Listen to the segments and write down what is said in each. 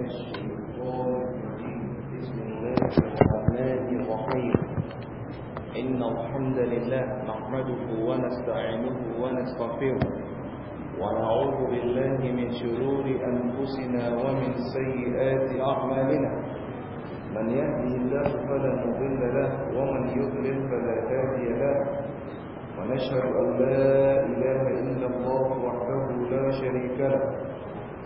بسم الله الرحمن الرحيم إن الحمد لله نحمده ونستعينه ونستغفره ونعوذ بالله من شرور أنفسنا ومن سيئات أعمالنا من يهدي الله فلا مضل له ومن يضلل فلا هادي له ونشهد أن لا إله إلا الله وحده لا شريك له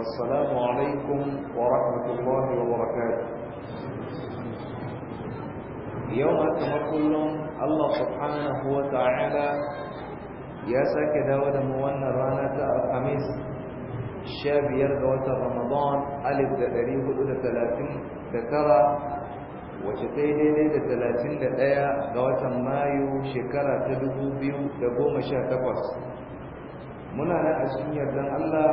السلام عليكم ورحمة الله وبركاته يوم Allah الله سبحانه وتعالى ya sake dawo da mu wannan rana ta alhamis sha biyar ga watan ramadan alif da ɗari hudu da talatin da tara wace ta daidai da talatin da ɗaya ga watan mayu shekara ta dubu biyu da goma sha takwas muna nan a cikin allah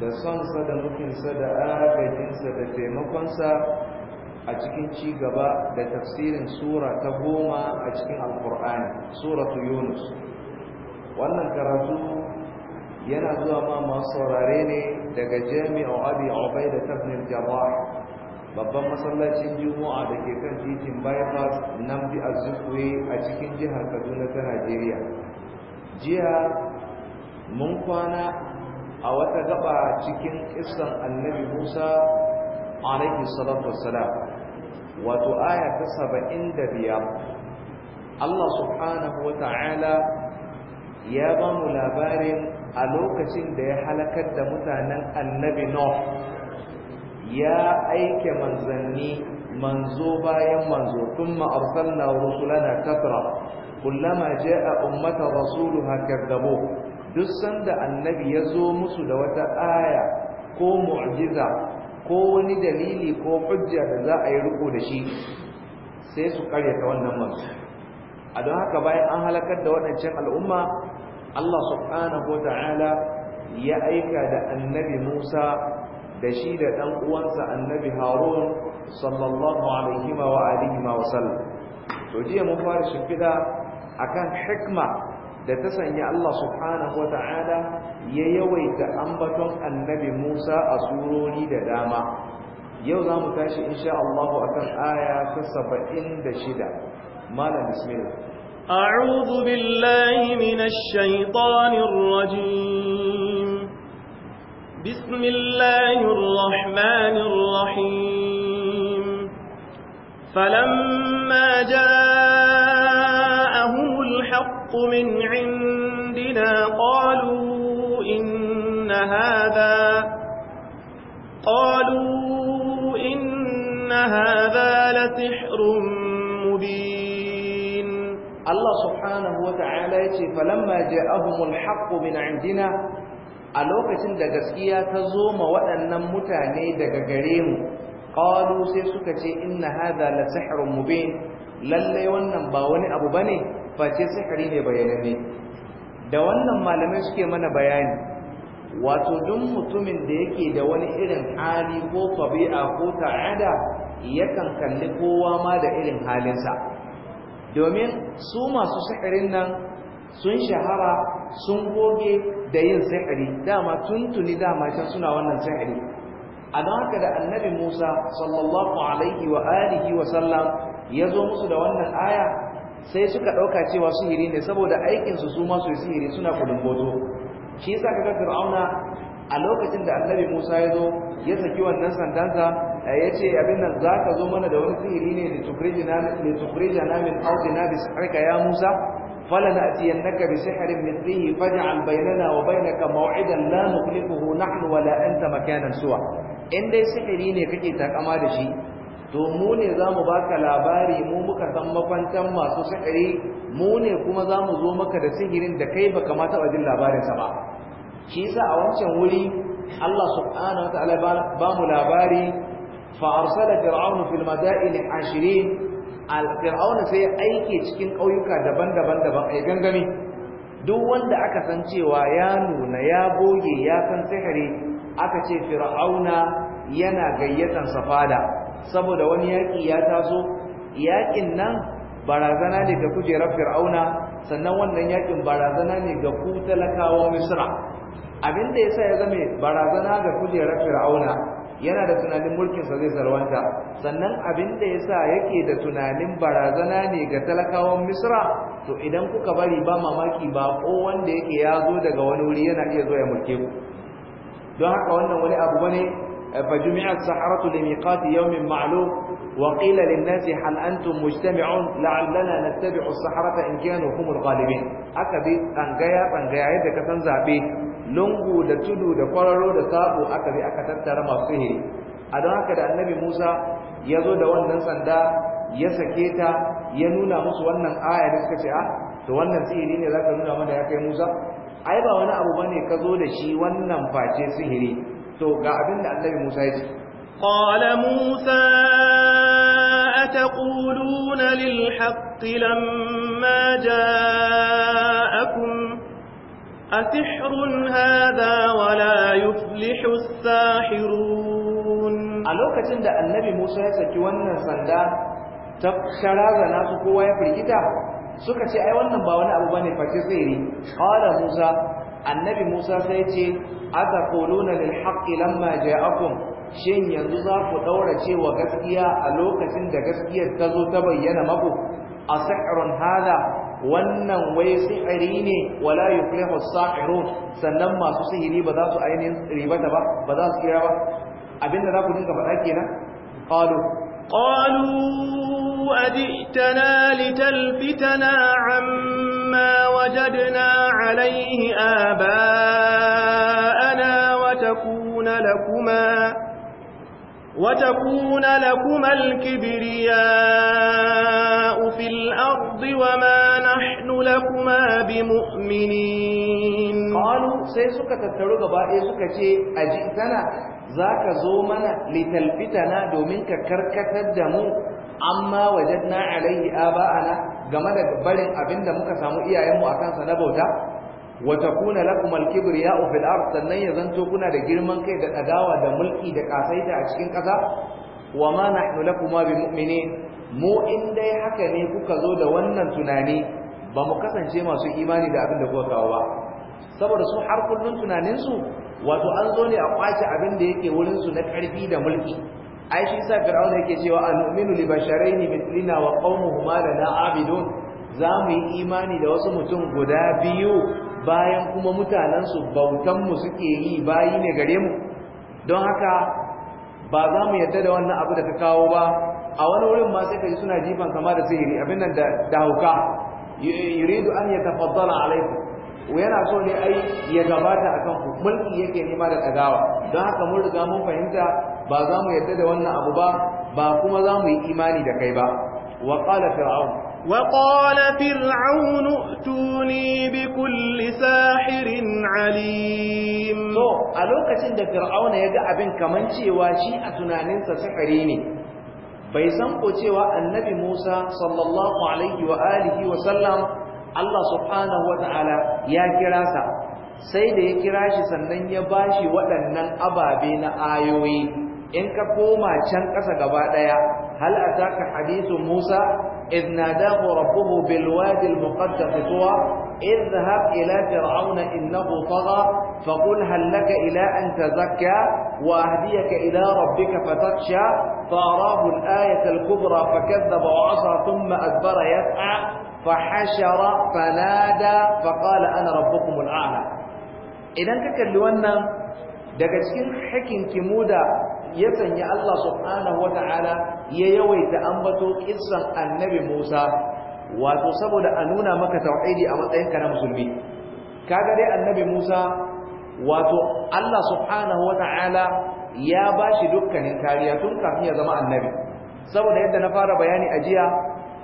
da sonsa da nufinsa da agajinsa da taimakonsa a cikin ci gaba da tafsirin sura ta goma a cikin alkur'ani suratu yunus wannan karatu yana zuwa ma masu saurare ne daga Jami'ar abi obai da tafnir jama'a babban masallacin juma'a da ke kan titin bypass nan bi a a cikin jihar kaduna ta najeriya jiya mun kwana a wata gaba cikin kissan annabi Musa alaihi salatu wassalam wato aya ta 75 Allah subhanahu wata'ala ya ba mu labarin a lokacin da ya halakar da mutanen annabi Nuh ya aike manzanni manzo bayan manzo thumma arsalna rusulana katra kullama jaa ummatan rasuluha kadzabuhu duk sanda annabi ya zo musu da wata aya ko mu'jiza ko wani dalili ko hujja da za a yi riko da shi sai su karyata wannan manzo a don haka bayan an halakar da waɗancan al'umma Allah subhanahu wa ta'ala ya aika da annabi Musa da shi da ɗan uwansa annabi Harun sallallahu alaihi wa alihi wa sallam to jiya mun fara shimfiɗa akan hikma da ta sanya Allah subhanahu wata'ala ya yawaita ambaton annabi Musa a surori da dama yau za mu tashi insha Allah akan aya ta 76 malam bismillah a'udhu billahi minash shaitanir rajim bismillahir rahmanir rahim falamma jaa الحق من عندنا قالوا إن هذا قالوا إن هذا لسحر مبين الله سبحانه وتعالى فلما جاءهم الحق من عندنا a lokacin da gaskiya ta zo ma waɗannan mutane daga gare mu qalu sai suka ce inna hadha la sihrun mubin Lallai wannan ba wani abu bane face sihiri ne bayanane da wannan malamai suke mana bayani wato duk mutumin da yake da wani irin hali ko tabi'a ko ta'ada yakan kalli kowa ma da irin halinsa domin su masu sihirin nan sun shahara sun goge da yin sihiri dama tuntuni dama can suna wannan sihiri a don haka da annabi musa sallallahu alaihi wa alihi wa sallam ya zo musu da wannan aya sai suka ɗauka cewa sihiri ne saboda aikinsu su masu yi sihiri suna kulumboto shi yasa kaga fir'auna a lokacin da annabi musa ya zo ya saki wannan sandansa eh, ya ce abin nan za ka zo mana da wani sihiri ne litukhrija namin min na bi sihrika ya musa فلنأتينك بسحر مثله فاجعل بيننا وبينك موعدا لا نخلفه نحن ولا أنت مكانا سوى In dai sihiri ne kake takama da shi to mu ne za mu baka labari mu muka san makwantan masu sihiri mu ne kuma za mu zo maka da sihirin da kai baka ma taɓa jin labarinsa ba shi yasa a wancan wuri Allah subhanahu wa ta'ala ba mu labari fa arsala Fir'auna fil madain ashirin al fir'auna sai aike cikin ƙauyuka daban-daban daban ai gangami duk wanda aka san cewa ya nuna ya goge ya san sihiri aka ce fir'auna yana gayyatan safada saboda wani yaƙi ya taso yaƙin nan barazana ne ga kujerar fir'auna sannan wannan yaƙin barazana ne ga ku misra abin da yasa ya zame barazana ga kujerar fir'auna yana da tunanin mulkinsa zai sarwanta, sannan abin da yasa yake da tunanin barazana ne ga talakawan misra to idan kuka bari ba mamaki ba ko wanda yake ya zo daga wani wuri yana iya zo ya mulke ku don haka wannan wani abu bane فجمع السحرة لميقات يوم معلوم وقيل للناس هل أنتم مجتمعون لعلنا نتبع السحرة إن كانوا هم الغالبين أكبي أنقيا أنقيا يدك تنزعبي lungu da tudu da kwararo da sabo aka bi aka tattara masu sihiri a don haka da annabi Musa ya zo da wannan sanda ya sake ta ya nuna musu wannan aya da suka ce a to wannan sihiri ne zaka nuna mana ya kai Musa A ba wani abu bane ka zo da shi wannan face sihiri to ga abin da annabi Musa ya ce qala Musa ataquluna lil haqqi lamma ja'akum asihrun hadha wa la yuflihu as-sahirun a lokacin da annabi Musa ya saki wannan sanda ta sharazana su kowa ya firgita suka ce ai wannan ba wani abu bane face tsere qala Musa annabi Musa sai ce ataquluna lil haqqi lamma ja'akum shin yanzu za ku daura cewa gaskiya a lokacin da gaskiyar ta zo ta bayyana maku asihrun hada wannan wai sihiri ne wala yuflihu as-sahirun sannan masu sihiri ba za su ainihin da ba ba za su kira ba abinda za ku dinga faɗa kenan qalu قالوا أجئتنا لتلفتنا عما وجدنا عليه آباءنا وتكون لكما وتكون لكما الكبرياء في الأرض وما نحن لكما بمؤمنين قالوا سيسك تترق بائسك إيه أجئتنا za ka zo mana litalfita na domin ka karkatar da mu amma wajen wajadna alaihi aba'ana game da barin abin da muka samu iyayenmu a kansa na bauta wa takuna lakum al-kibriya'u fil ard sannan ya zanto kuna da girman kai da ɗadawa da mulki da kasaita a cikin ƙasa? wa ma nahnu lakum bi mu'minin mu in dai haka ne kuka zo da wannan tunani ba mu kasance masu imani da abin da kuka kawo ba saboda su har kullun tunaninsu? wato an zo ne a kwace abin da yake wurinsu na karfi da mulki ai shi sa fir'aun yake cewa anu'minu li basharaini mithlina wa qaumuhuma la abidun za mu yi imani da wasu mutum guda biyu bayan kuma mutanensu bautan mu suke yi bayi ne gare mu don haka ba za mu yarda da wannan abu da ka kawo ba a wani wurin ma sai ka ji suna jifan kama da sihiri abin nan da hauka yuridu an yatafaddala alaikum yana so ne ai ya gabata akan ku mulki yake nema da ɗagawa don haka mun riga mun fahimta ba za mu yarda da wannan abu ba ba kuma za mu yi imani da kai ba wa qala fir'aun wa qala fir'aun tuni bi kulli sahirin alim to a lokacin da fir'aun ya ga abin kaman cewa shi a tunaninsa sihiri ne bai san ko cewa annabi Musa sallallahu alaihi wa alihi wa sallam Allah subhanahu wata'ala ya kira sa sai da ya kira shi sannan ya bashi waɗannan ababe na ayoyi in ka koma can ƙasa gaba ɗaya hal ataka hadithu Musa idh nadahu rabbuhu bil wadi al muqaddas tuwa idhhab ila fir'auna innahu tagha faqul hal laka ila an tazakka wa ahdiyaka ila rabbika fatakhsha فأراه الآية الكبرى فكذب وعصى ثم أدبر يسعى فحشر فنادى فقال أنا ربكم الأعلى idan ka kalli wannan daga cikin hakinkimu da ya sanya Allah subhanahu ya yawaita ambato kissan annabi Musa wato saboda a nuna maka tauhidi a matsayinka na musulmi kaga dai annabi Musa wato Allah subhanahu ya bashi dukkanin kariya tun kafin ya zama annabi saboda yadda na fara bayani a jiya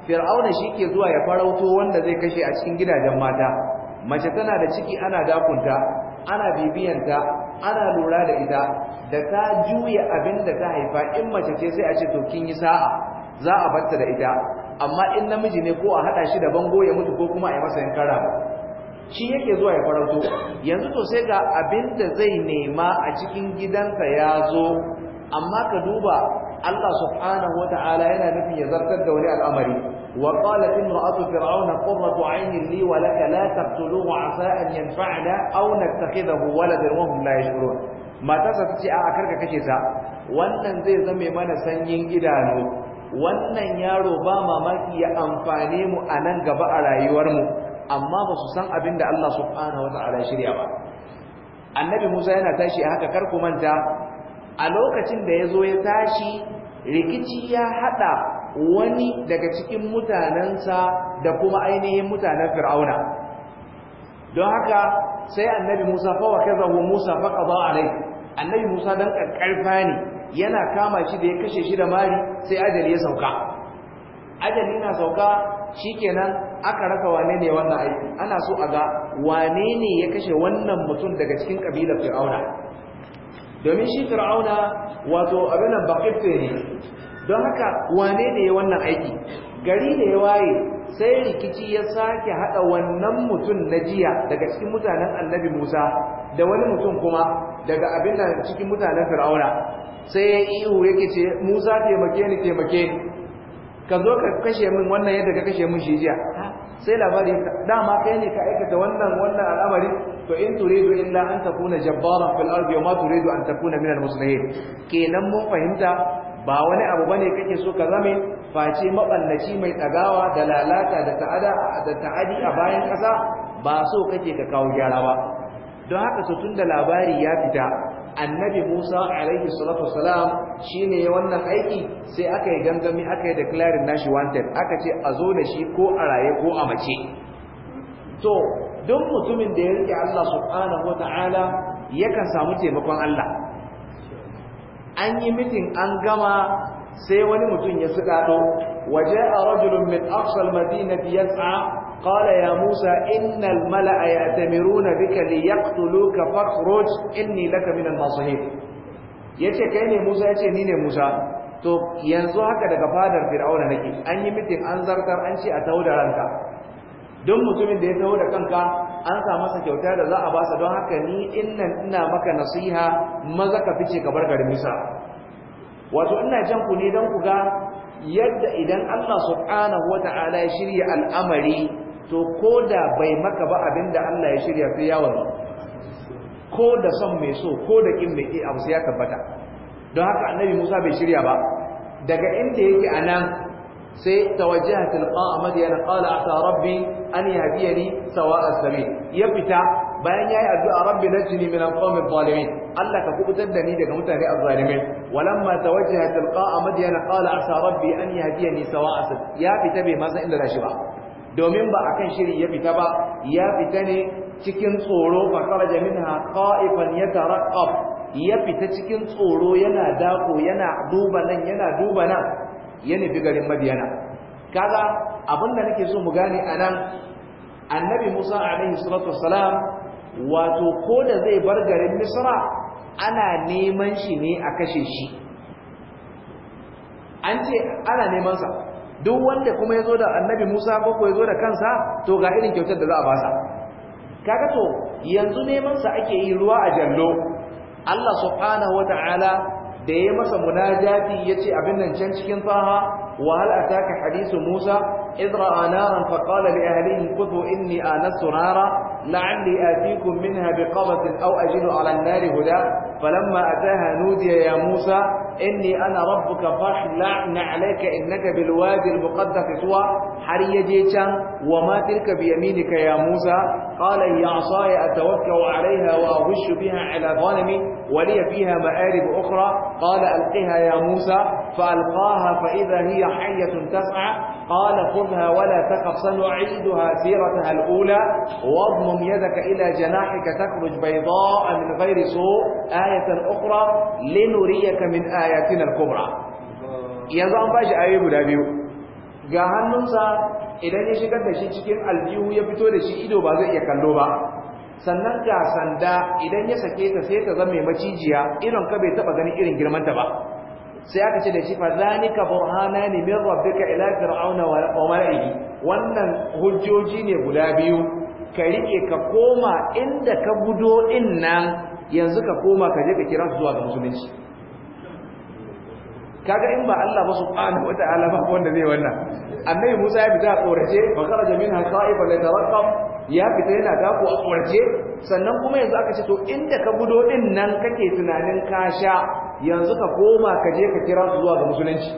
fir'auna shi ke zuwa ya farauto wanda zai kashe a cikin gidajen mata mace tana da ciki ana dakunta ana bibiyanta ana lura da ita da ta juya abin da ta haifa in mace ce sai a ce to kin yi sa'a za a batta da ita amma in namiji ne ko a hada shi da bango ya mutu ko kuma a yi masa yankara shi yake zuwa ya farauto yanzu to sai ga abin da zai nema a cikin gidansa ya zo amma ka duba Allah subhanahu wa ta'ala yana nufin ya zartar da wani al'amari wa qalat imra'atu fir'auna qurratu 'aynin li wa laka la taqtuluhu 'asa an yanfa'ana aw nattakhidahu waladan wa hum la yash'urun matarsa ce a karka kace ta wannan zai zame mana sanyin idanu wannan yaro ba mamaki ya amfane mu a nan gaba a rayuwar mu amma ba su san abin da Allah subhanahu wa ta'ala shirya ba annabi Musa yana tashi a haka kar ku manta a lokacin da ya zo ya tashi rikici ya haɗa wani daga cikin mutanensa da kuma ainihin mutanen fir'auna don haka sai annabi musa fawa kazahu musa a alai annabi musa don karkarfa ne yana kama shi da ya kashe shi da mari sai ajali ya sauka ajali na sauka shikenan aka raka wane ne wannan aiki ana so a ga wane ne ya kashe wannan mutum daga cikin kabilar fir'auna domin shi fir'auna wato abin da ne don haka wane ne wannan aiki gari ne ya waye sai rikici ya sake hada wannan mutum na jiya daga cikin mutanen annabi musa da wani mutum kuma daga abin da cikin mutanen fir'auna sai ya yi ihu yake ce musa taimake ni taimake ka zo ka kashe min wannan yadda ka kashe min shi jiya sai labari dama kai ne ka aikata wannan wannan al'amari to in turidu illa an takuna jabbaran fil ardi wa ma turidu an takuna minal muslimin kenan mun fahimta ba wani abu bane kake so ka zame face maballaci mai tsagawa da lalata da ta'ada da ta'adi a bayan kasa ba so kake ka kawo gyara ba don haka so tun da labari ya fita annabi Musa alaihi salatu wasalam shine ya wannan aiki sai aka yi gangami aka yi declaring nashi wanted aka ce a zo da shi ko a raye ko a mace to duk mutumin da ya rike Allah subhanahu wata'ala yakan samu taimakon Allah an yi mitin an gama sai wani mutum ya suɗaɗo waje a rajulun min aksal madinati ya tsa قال يا موسى إن الملأ يأتمرون بك ليقتلوك فاخرج إني لك من الناصحين yace kai ne Musa yace ni ne Musa to yanzu haka daga fadar Fir'auna nake an yi mitin an zartar an ce a tawo da ranka don mutumin da ya taho da kanka an sa masa kyauta da za a ba sa, don haka ni inna ina maka nasiha maza ka fice ka bar garin misa wato ina jan ku ne don ku ga yadda idan Allah subhanahu wata'ala ya shirya al'amari to ko da bai maka ba abinda Allah ya shirya sai ya wani ko da son mai so ko da kin mai abu sai ya tabbata don haka annabi Musa bai shirya ba daga inda yake nan, sai tawajjaha tilqa ya qala ata rabbi an yahdiyani sawa'a sabil ya fita bayan yayi addu'a rabbi najini min al-qawmi adh-dhalimin Allah ka kubutar da ni daga mutane adh-dhalimin walamma tawajjaha tilqa'a madyana qala asa rabbi an yahdiyani sawa'a sabil ya fita bai ma san inda zashi ba domin ba akan shiri ya fita ba ya fita ne cikin tsoro fa kharaja minha qa'ifan ya fita cikin tsoro yana dako yana duba nan yana duba nan ya nufi garin madiyana kaga abinda nake so mu gane a nan annabi musa alaihi salatu salam wato ko da zai bar garin misra ana neman shi ne a kashe shi an ce ana neman sa duk wanda kuma ya zo da annabi musa ko ko ya zo da kansa to ga irin kyautar da za a basa kaga to yanzu neman sa ake yi ruwa a jallo Allah subhanahu ta'ala da ya masa munajati yace abin nan can cikin faha wa hal ataka hadisu musa idh ra'a naran fa qala li ahlihi khudhu inni anastu nara la'alli atikum minha biqabatin aw ajidu 'ala an-nari huda falamma ataha nudiya ya musa inni ana rabbuka fahla'na 'alayka innaka bilwadi al-muqaddas tuwa har yaje can wa ma tilka bi yaminika ya musa قال هي عصاي أتوكأ عليها وأغش بها على غنمي ولي فيها مآرب أخرى قال ألقها يا موسى فألقاها فإذا هي حية تسعى قال خذها ولا تخف سنعيدها سيرتها الأولى واضمم يدك إلى جناحك تخرج بيضاء من غير سوء آية أخرى لنريك من آياتنا الكبرى يا زعم bashi ayoyi guda biyu idan ya shigar da shi cikin aljihu ya fito da shi ido ba zai iya kallo ba sannan ga sanda idan ya sake ta sai ta zama macijiya irin ka bai taba ganin irin girman ta ba sai aka ce da shi fa zalika burhanani min rabbika ila fir'auna wa mala'ihi wannan hujjoji ne guda biyu ka rike ka koma inda ka gudo din nan yanzu ka koma ka je ka kira zuwa ga musulunci kaga in ba Allah ba subhanahu wata'ala ba wanda zai wannan annabi Musa ya fita a tsorace fa kharaja minha qa'ifan la taraqqab ya fita yana dako a tsorace sannan kuma yanzu aka ce to inda ka gudo din nan kake tunanin ka sha yanzu ka koma ka je ka kira su zuwa ga musulunci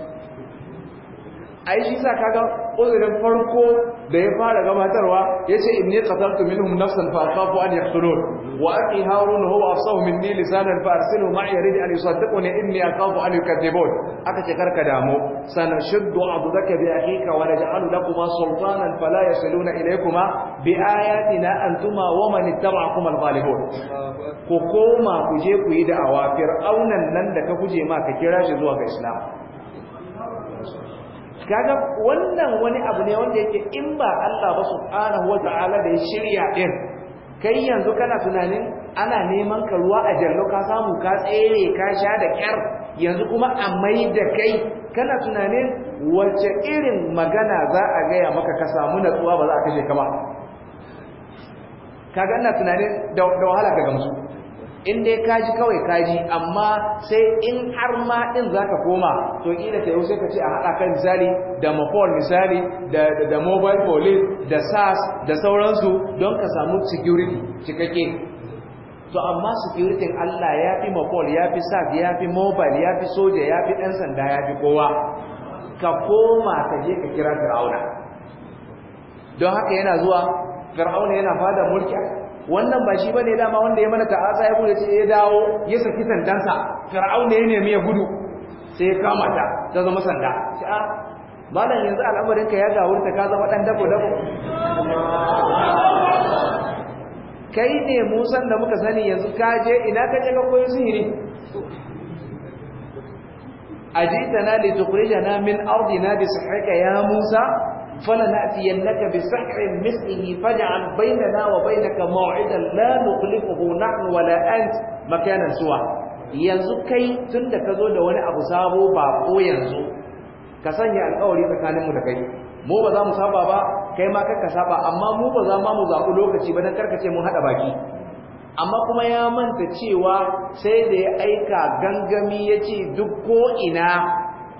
ai shi sa kaga uzurin farko da ya fara gabatarwa yace inni qataltu minhum nafsan fa akhafu an yaqtulun wa aqi harun huwa asahu minni lisanan fa arsilhu ma'i yarid an yusaddiquni inni akhafu an yukadzibun aka ce karka damu sana shuddu adudaka bi akhika wa naj'alu lakuma sultanan fala yasiluna ilaykuma bi ayatina antuma wa man ittaba'akum al-ghalibun ko koma ku je ku yi da'awa fir'aunan nan da ka kuje ma ka kira shi zuwa ga islam kaga wannan wani abu ne wanda yake in ba Allah ba subhanahu wa ta'ala da ya shirya din kai yanzu kana tunanin ana neman ka ruwa a jallo ka samu ka tsere ka sha da kyar yanzu kuma a mai da kai kana tunanin wace irin magana za a gaya maka ka samu natsuwa ba za a kashe ka ba kaga ina tunanin da wahala ka gamsu in dai kaji kawai kaji amma sai in har ma din zaka koma to kila ta yau sai ka ce a hada kan misali da mobile misali da da mobile police da sas da sauransu don ka samu security cikakke to amma security Allah ya fi mobile ya fi sas ya fi mobile ya fi soja ya fi dan sanda ya fi kowa ka koma ka je ka kira Fir'auna don haka yana zuwa Fir'auna yana fada mulki wannan ba shi bane dama wanda ya mana ta'aza ya gudu ya dawo ya saki sandansa fir'aun ne ya nemi ya gudu sai ya kama ta ta zama sanda sai a ah, malam yanzu al'amarin ka ya gawurta ka zama dan dabo dabo kai ne musan da muka sani yanzu ka je ina ka je ka koyi sihiri ajitana li tukhrijana min ardina bi sihrika ya musa فلنأتينك بسحر مثله فاجعل بيننا وبينك موعدا لا نخلفه نحن ولا أنت مكانا سوى yanzu kai tun da ka zo da wani abu sabo ba ko yanzu ka sanya alkawari tsakaninmu da kai mu ba za mu saba ba kai ma kar ka saba amma mu ba za ma mu zaɓi lokaci ba don karkace mun haɗa baki amma kuma ya manta cewa sai da ya aika gangami ya ce duk ko ina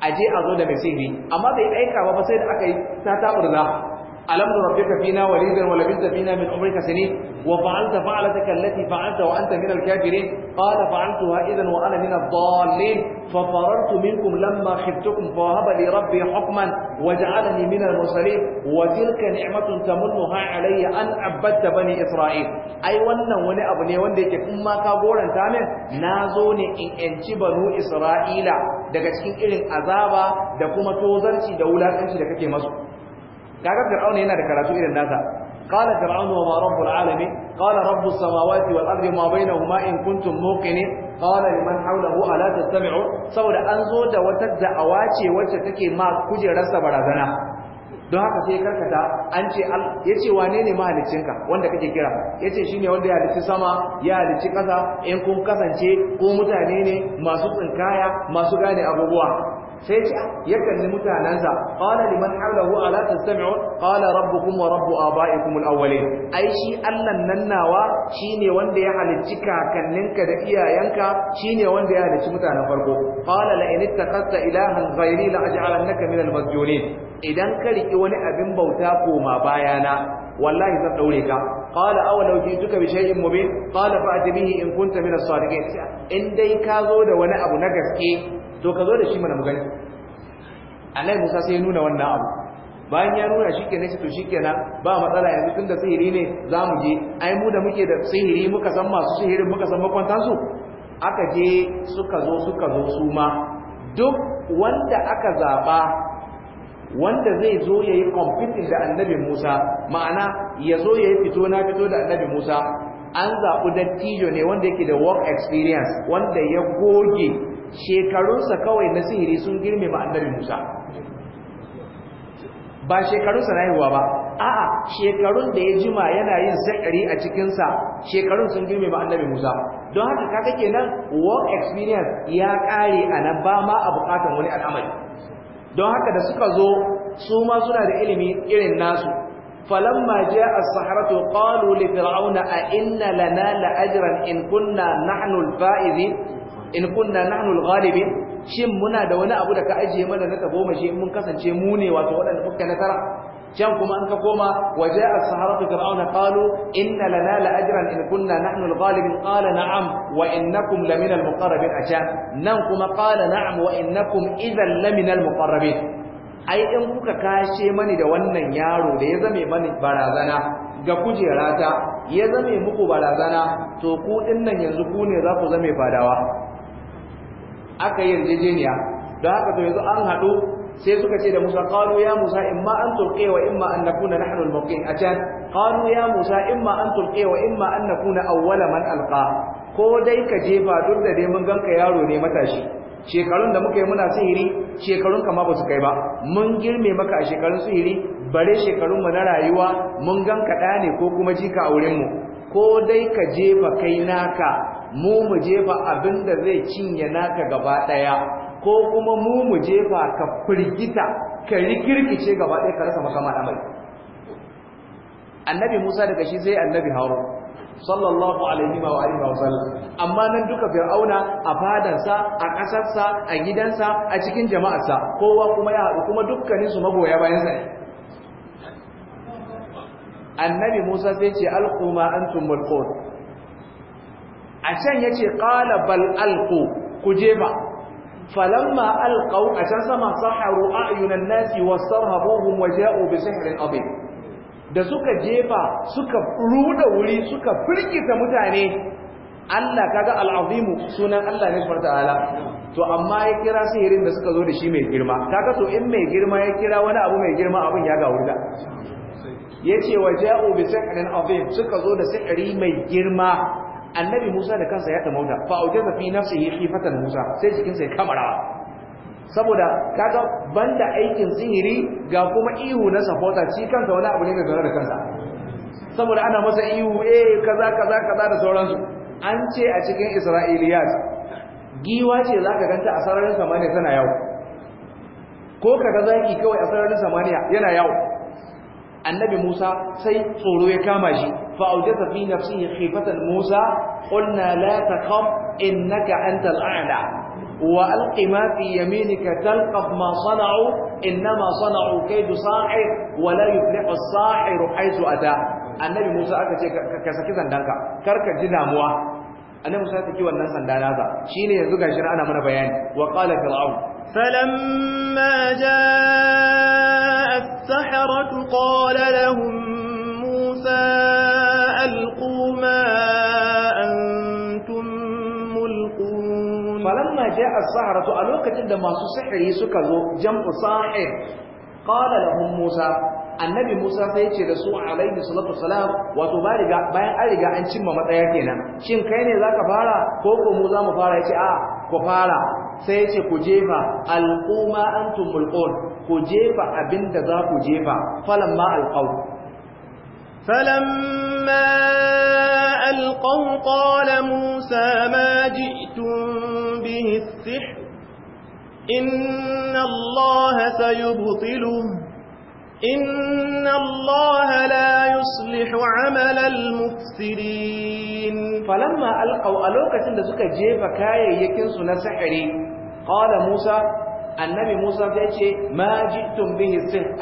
a je a zo da mai sihiri amma bai aika ba sai da aka yi ta taburza alam rabbika fina walidan wa labita fina min umrika sinin wa fa'alta fa'latak allati fa'alta wa anta min al-kafirin qala fa'altuha idhan wa ana min ad-dallin fa farartu minkum lamma khiftukum fa haba li rabbi hukman wa ja'alani min al-mursalin wa tilka ni'matun tamunnuha alayya an abadta bani isra'il ai wannan wani abu ne wanda yake kuma ka goranta min Na zo ne in enci banu isra'ila daga cikin irin azaba da kuma tozarci da wulakanci da kake masu kaga fir'auna yana da karatu irin nasa qala fir'auna wa ma rabbul alamin qala rabbus samawati wal ardi ma bainahuma in kuntum muqinin qala liman hawlahu ala tattabi'u saboda an zo da wata da'awa ce wacce take ma kujerarsa barazana don haka sai karkata an ce ya ce wane ne ka wanda kake kira ya ce shi ne wanda ya halicci sama ya halici ƙasa in kun kasance ko mutane ne masu tsinkaya masu gane abubuwa sai ce ah, ya kalli mutanansa qala liman hawlahu ala tastami'un qala rabbukum wa rabbu abaikum alawwalin ai shi Allah nan nawa shine wanda ya halicci kakanninka da iyayenka shine wanda ya halicci mutanen farko qala la in ittaqatta ilahan ghairi la aj'alannaka min almasjunin idan ka riki wani abin bauta koma bayana wallahi zan daure ka qala aw law ji'tuka bi shay'in mubin qala fa'ti bihi in kunta min as-sadiqin in dai ka zo da wani abu na gaske to ka zo da shi mana magani annabi Musa sai ya nuna wannan abu bayan ya nuna shi kenan shi to shi kenan ba matsala yanzu tun da sihiri ne za mu je ai mu da muke da sihiri muka san masu sihirin muka san makwantan su aka je suka zo suka zo su ma duk wanda aka zaba wanda zai zo ya yi kwamfitin da annabi Musa ma'ana ya zo ya yi fito na fito da annabi Musa an zaɓi dattijo ne wanda yake da work experience wanda ya goge shekarunsa kawai na sihiri sun girme ba annabi Musa ba shekarunsa na haihuwa ba a'a shekarun da ya jima yana yin zakari a cikinsa shekarun sun girme ba annabi Musa don haka ke nan, work experience ya kare a nan ma a bukatan wani al'amari don haka da suka zo su ma suna da ilimi irin nasu li fir'auna a inna lana la ajran in kunna nahnu al fa'izin in kunna nahnu ghalibin shin muna da wani abu da ka ajiye mana na tagomashi in mun kasance mu ne wato waɗanda muke nasara can kuma an ka koma waje a saharatu fir'auna qalu inna lana la ajran in kunna nahnu ghalibin qala na'am wa innakum laminal muqarrabin acha nan kuma qala na'am wa innakum idhan laminal min muqarrabin ai in kuka kashe mani da wannan yaro da ya zame mani barazana ga kujerata ya zame muku barazana to ku dinnan yanzu ku ne za ku zame fadawa aka yi yarjejeniya don haka to yanzu an haɗu sai suka ce da Musa qalu ya Musa imma an tulqiya wa imma an nakuna nahnu al a can. qalu ya Musa imma an tulqiya wa imma an nakuna awwala man alqa ko dai ka jefa duk da dai mun ganka yaro ne matashi shekarun da muka yi muna sihiri shekarun kama ba su kai ba mun girme maka a shekarun sihiri bare shekarun mu na rayuwa mun ganka ɗa ne ko kuma jika a wurin mu ko dai ka jefa kai naka mu mu jefa abin da zai cinye naka gaba ɗaya ko kuma mu mu jefa ka firgita ka rikirkice gaba ɗaya ka rasa makama mai? annabi musa daga shi sai annabi harun sallallahu alaihi wa alihi wa sallam amma nan duka fir'auna a fadansa a ƙasarsa, a gidansa a cikin jama'arsa kowa kuma ya haɗu kuma dukkanin su magoya bayan sa annabi Musa sai ce alquma antum mulqun a can ya ce ƙala bal alƙo ku jefa falamma alƙau a can sama saharu a'yunan nasi wasar waje waje'u bi sihirin abin da suka jefa suka ruda wuri suka firgita mutane Allah kaga al'azimu sunan Allah ne shi ta'ala to amma ya kira sihirin da suka zo da shi mai girma kaga to in mai girma ya kira wani abu mai girma abin ya ga ce waje waja'u bi sihrin abu suka zo da sihiri mai girma annabi Musa da kansa ya mauta fa ta fi ya nafsihi da Musa sai jikin sai kamarawa kamara saboda kaga banda aikin zihiri ga kuma ihu na safota shi kansa wani abu ne ga zaura da kansa saboda ana masa ihu eh kaza kaza kaza da sauransu an ce a cikin Isra'iliyat giwa ce zaka ganta a sararin samaniya tana yawo ko kaga zaki kawai a sararin samaniya yana yawo annabi Musa sai tsoro ya kama shi فأوجد في نفسه خيفة موسى قلنا لا تخف إنك أنت الأعلى وألق ما في يمينك تلقف ما صنعوا إنما صنعوا كيد ساحر ولا يفلح الساحر حيث أتى النبي موسى كسكي كركا كرك جناموا أنا موسى تكي والناس هذا شيني يزوك عشر أنا من بيان وقال فرعون فلما جاء السحرة قال لهم جاء السحرة ألوكة عندما سحري سكزو جمع ساحر قال لهم musa, annabi Musa sai ce da su alaihi salatu wassalam wato ba riga bayan an riga an cimma matsaya kenan shin kai ne zaka fara ko ko mu za mu fara yace a ku fara sai yace ku jefa alquma antum mulqun ku jefa abinda za ku jefa falamma alqaw falamma alqaw qala Musa ma ji'tum فيه السحر إن الله سيبطله إن الله لا يصلح عمل المفسدين فلما ألقوا ألوكة لسك يكنس نسحري قال موسى annabi Musa yace ce ma jittum bihi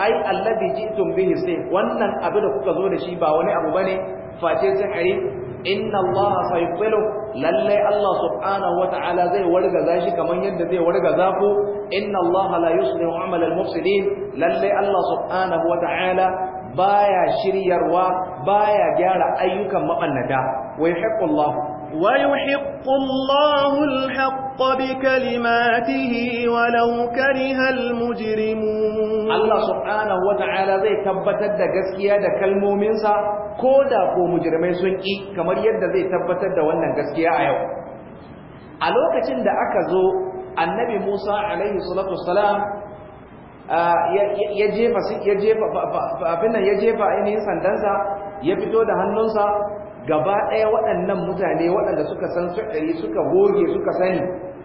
ai allazi jittum bihi wannan abin da kuka zo da shi ba wani abu bane face sihiri inna allaha sayfilu lalle allah subhanahu wa ta'ala zai wargaza shi kaman yadda zai warga zafu. inna allaha la yuslihu amal al mufsidin lalle allah subhanahu wa ta'ala baya shiryarwa baya gyara ayyukan mabannata wa yuhibbu allah wa yuhibbu allah al haqq bi kalimatihi walau kariha al mujrimun allah subhanahu wa ta'ala zai tabbatar da gaskiya da kalmominsa ko da ko mujirmai sun ƙi kamar yadda zai tabbatar da wannan gaskiya a yau a lokacin da aka zo annabi musa alaihi salatu wasalam ya jefa ya jefa ya jefa ainihin sandansa ya fito da hannunsa gaba ɗaya waɗannan mutane waɗanda suka san su'ari suka goge suka sani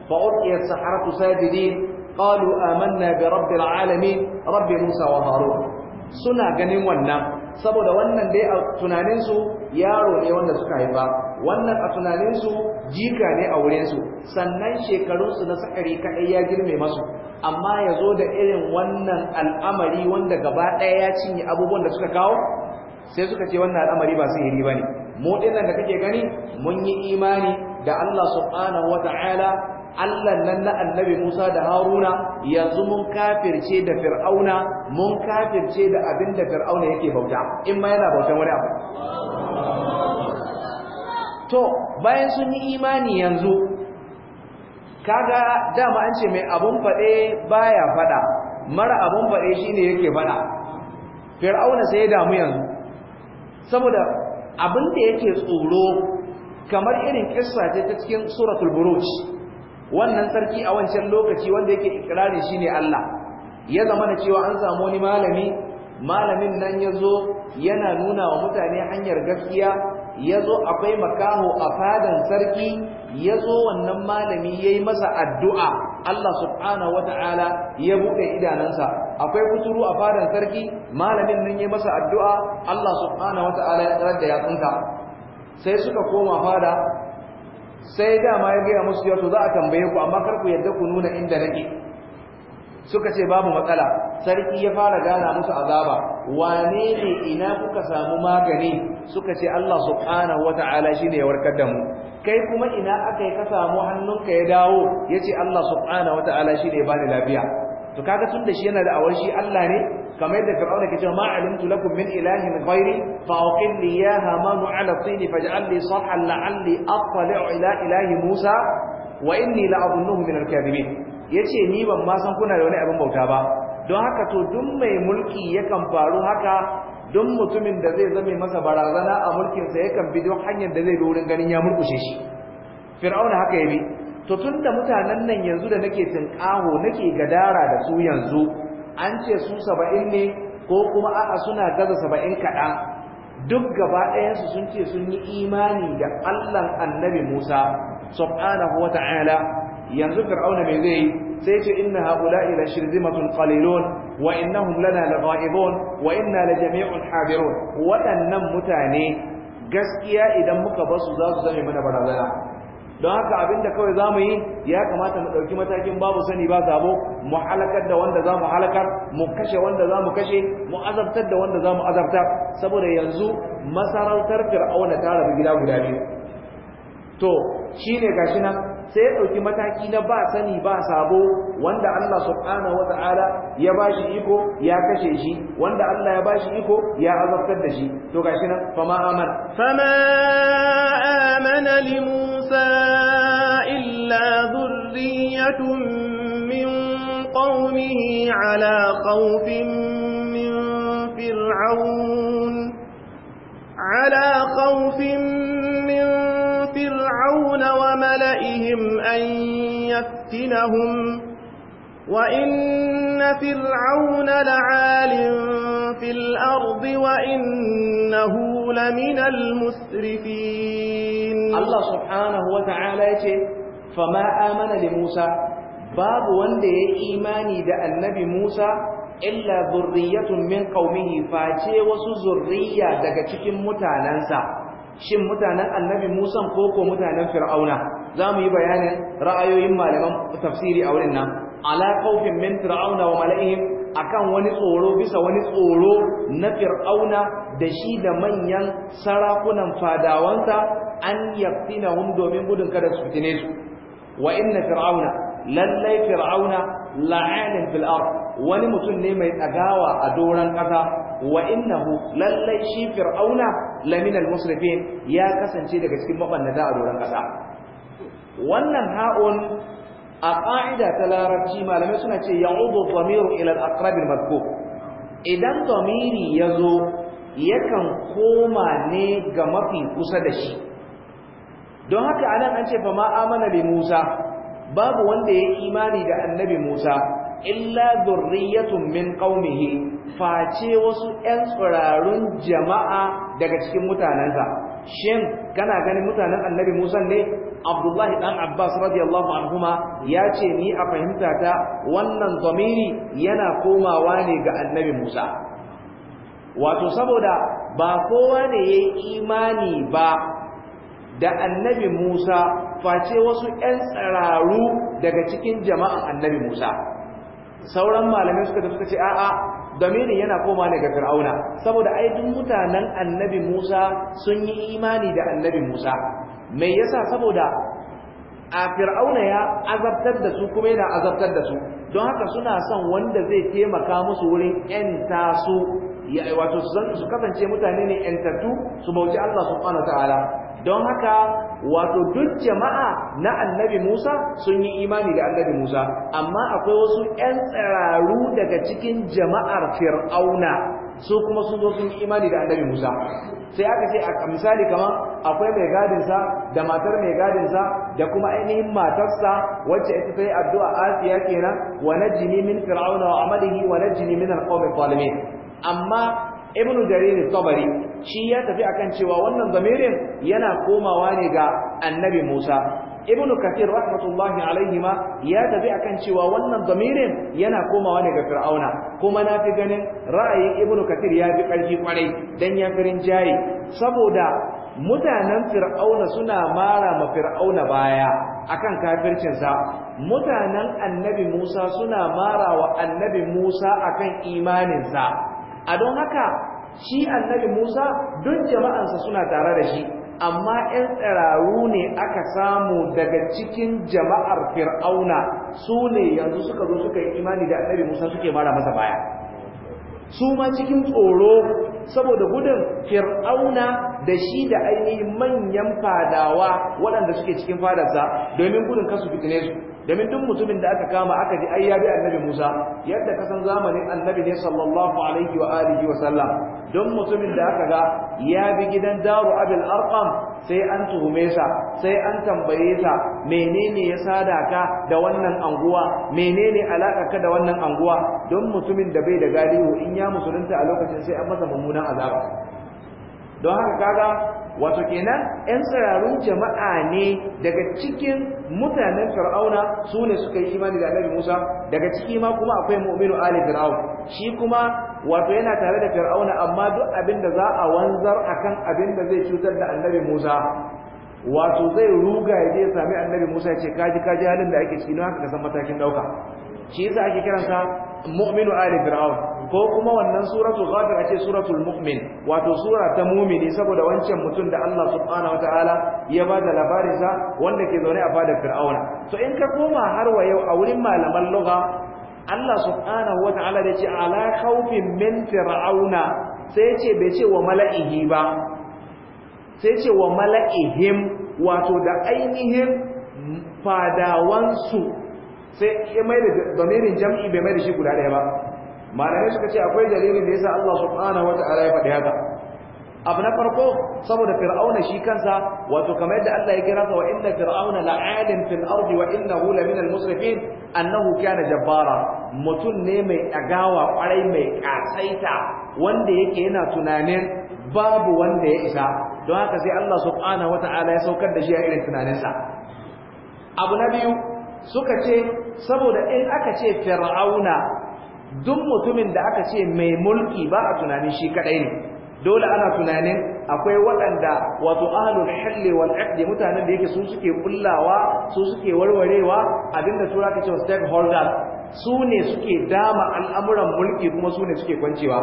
fa'urqiyat saharatu sajidin qalu amanna bi rabbil alamin rabbi musa wa harun suna ganin wannan saboda wannan dai a tunaninsu yaro ne wanda suka haifa wannan a tunaninsu jika ne a wurinsu sannan shekarunsu na sakari kaɗai ya girme masu amma ya zo da irin wannan al'amari wanda gaba ɗaya ya cinye abubuwan da suka kawo sai suka ce wannan al'amari ba su sihiri ba ne mu ɗinnan da kake gani mun yi imani da Allah subhanahu wa ta'ala Allah nan na annabi Musa da Haruna yanzu mun kafirce da Fir'auna mun kafirce da abin da Fir'auna yake bauta in ma yana bautan wani abu to bayan sun yi imani yanzu kaga dama an ce mai abun faɗe baya faɗa mara abun faɗe shine yake faɗa Fir'auna sai ya damu yanzu saboda abin da yake tsoro kamar irin kissa ta cikin suratul buruj wannan sarki a wancan lokaci wanda yake ikirarin shine Allah ya zama da cewa an samu wani malami malamin nan ya zo yana nuna wa mutane hanyar gaskiya ya zo akwai makaho a fadan sarki ya zo wannan malami ya yi masa addu'a Allah subhanahu wa ta'ala ya buɗe idanansa akwai kuturu a fadan sarki malamin nan ya masa addu'a Allah subhanahu wa ta'ala ya tsarar da yatsunka sai suka koma fada sai dama ya gaya musu yau za a tambaye ku amma kar ku yadda ku nuna inda nake suka ce babu matsala sarki ya fara gana musu azaba wane ne ina kuka samu magani suka ce Allah subhanahu wataala shine ya warkar da mu kai kuma ina aka yi ka samu hannunka ya dawo yace Allah subhanahu wataala shine ya bani lafiya to kaga tun da shi yana da awar shi Allah ne kamar yadda Fir'aun yake cewa ma alimtu lakum min ilahin ghairi fa uqil li ya hamanu ala tin faj'al li sarhan la'alli attali'u ila ilahi Musa wa inni la'adunnuhu min al-kadhibin yace ni ban ma san kuna da wani abin bauta ba don haka to duk mai mulki yakan faru haka duk mutumin da zai zame masa barazana a mulkinsa yakan bi duk hanyar da zai bi wurin ganin ya murkushe shi fir'auna haka ya bi to tunda mutanen nan yanzu da nake tinkaho nake gadara da su yanzu an ce su saba'in ne ko kuma a'a suna gaza saba'in kaɗan duk gaba ɗayansu sun ce sun yi imani da allan annabi musa subhanahu wa ta'ala yanzu fir'auna me zai sai ce inna haula'i la shirzimatun qalilun wa innahum lana laghaibun wa inna la jami'un hadirun waɗannan mutane gaskiya idan muka basu za su zame mana barazana don haka abin da kawai zamu yi ya kamata mu ɗauki matakin babu sani ba sabo mu halakar da wanda mu halakar mu kashe wanda mu kashe mu azabtar da wanda mu azabtar saboda yanzu masarautar fir'auna ta rabu gida guda biyu to shine gashi nan sai ya ɗauki mataki na ba sani ba sabo wanda Allah subhanahu wa ta'ala ya ba shi iko ya kashe shi wanda Allah ya ba shi iko ya azabtar da shi to gashi nan fama amana fama amana limu موسى إلا ذرية من قومه على خوف من فرعون على خوف من فرعون وملئهم أن يفتنهم وَإِنَّ فِرْعَوْنَ لَعَالٍ فِي الْأَرْضِ وَإِنَّهُ لَمِنَ الْمُسْرِفِينَ Allah subhanahu wa ta'ala ya ce fama amana li Musa babu wanda ya imani da annabi Musa illa zurriyatun min qaumihi face wasu zurriya daga cikin mutanansa shin mutanen annabi Musa ko ko mutanen Fir'auna mu yi bayanin ra'ayoyin malaman tafsiri a wurin nan ala ƙaufin min fir'auna wa mala'ihim akan wani tsoro bisa wani tsoro na fir'auna da shi da manyan sarakunan fadawansa an yaftinahum domin gudun kada su fitine su wa inna fir'auna lallai fir'auna la'anin fil ard wani mutum ne mai tsagawa a doran kasa wa innahu lallai shi fir'auna laminan musrifin ya kasance daga cikin mabannada a doran kasa wannan ha'un a ƙa'ida ta larabci malamai suna ce ya'udu dhamiru ila al matko idan idan ya zo yakan koma ne ga mafi kusa da shi don haka anan an ce ba ma amana Musa babu wanda ya yi imani da annabi Musa illa zurriyatun min qaumihi face wasu 'yan tsirarun jama'a daga cikin mutanensa shin kana ganin mutanen annabi musan ne Abdullahi dan Abbas radiyallahu anhuma ya ce ni a fahimta ta wannan zamiri yana komawa ne ga annabi Musa wato saboda ba kowa ne yayi imani ba da annabi Musa face wasu 'yan tsararu daga cikin jama'an annabi Musa sauran malamai suka da suka ce a'a dominin yana koma ne ga fir'auna saboda ai duk mutanen annabi Musa sun yi imani da annabi Musa mai yasa saboda a fir'auna ya azabtar da su kuma yana azabtar da su don haka suna son wanda zai taimaka musu wurin yanta su wato su kasance mutane ne yantattu su bauci Allah subhanahu ta'ala don haka wato duk jama'a na annabi Musa sun yi imani da annabi Musa amma akwai wasu ƴan tsararu daga cikin jama'ar Fir'auna su kuma sun zo sun yi imani da annabi Musa sai aka ce a misali kamar akwai mai gadinsa da matar mai gadinsa da kuma ainihin matarsa wacce ita ta yi addu'a Asiya kenan wa najini min fir'auna wa amalihi wa najini min al-qawmi zalimin amma ibnu jarir tabari shi ya tafi akan cewa wannan zamirin yana komawa ne ga annabi Musa ibnu kathir rahmatullahi alaihi ma ya tafi akan cewa wannan zamirin yana komawa ne ga fir'auna kuma na fi ganin ra'ayin ibnu kathir ya fi ƙarfi kwarai dan ya firin jayi saboda mutanen fir'auna suna mara ma fir'auna baya akan kafircinsa mutanen annabi Musa suna mara wa annabi Musa akan imaninsa a don haka shi annabi Musa don jama'ansa suna tare da shi amma 'yan tsararu ne aka samu daga cikin jama'ar fir'auna su ne yanzu suka zo suka yi imani da annabi Musa suke mara masa baya su ma cikin tsoro saboda gudun fir'auna da shi da ainihin manyan fadawa waɗanda suke cikin fadarsa domin gudun kasu fitine su domin duk mutumin da aka kama aka ji ai ya bi annabi Musa yadda ka san zamanin annabi ne sallallahu alaihi wa alihi wa sallam don mutumin da aka ga ya bi gidan daru abil arqam sai an tuhume sa sai an tambaye sa menene ya sada ka da wannan anguwa menene alaka ka da wannan anguwa don mutumin da bai da galihu in ya musulunta a lokacin sai an masa mummunan azaba don haka kaga wato kenan yan tsirarun jama'a ne daga cikin mutanen fir'auna su ne suka yi imani da annabi musa daga ciki ma kuma akwai mu'minu ali fir'aun shi kuma wato yana tare da fir'auna amma duk abin da za a wanzar akan abin da zai cutar da annabi musa wato zai ruga ya je sami annabi musa ya ce kaji kaji halin da ake ciki don haka ka san matakin dauka shi yasa ake kiransa mu'minu ali fir'aun ko kuma wannan suratul ghafir ake suratul mu'min wato sura ta mumini saboda wancan mutum da Allah subhanahu wataala ya bada labarin sa wanda ke zaune a fadar fir'auna to in ka koma har wa yau a wurin malaman lugha Allah subhanahu wataala ya ce ala khawfin min fir'auna sai ce bai ce wa mala'ihi ba sai ce wa mala'ihim wato da ainihin fadawansu sai ya mai da domin jam'i bai mai da shi guda ɗaya ba malamai suka ce akwai dalilin da yasa Allah subhanahu wataala ya faɗi haka abu na farko saboda fir'auna shi kansa wato kamar yadda Allah ya kira sa wa inna fir'auna la'alim fil ardi wa innahu al-musrifin annahu kana jabbara mutum ne mai dagawa kwarai mai kasaita wanda yake yana tunanin babu wanda ya isa don haka sai Allah subhanahu wata'ala ya saukar da shi a irin tunaninsa abu na biyu suka ce saboda in aka ce fir'auna duk mutumin da aka ce mai mulki ba a tunanin shi kadai ne dole ana tunanin akwai waɗanda wato ahlul halli wal aqd mutanen da yake su suke kullawa su suke warwarewa abinda tura ka ce stakeholders su ne suke dama al'amuran mulki kuma su ne suke kwancewa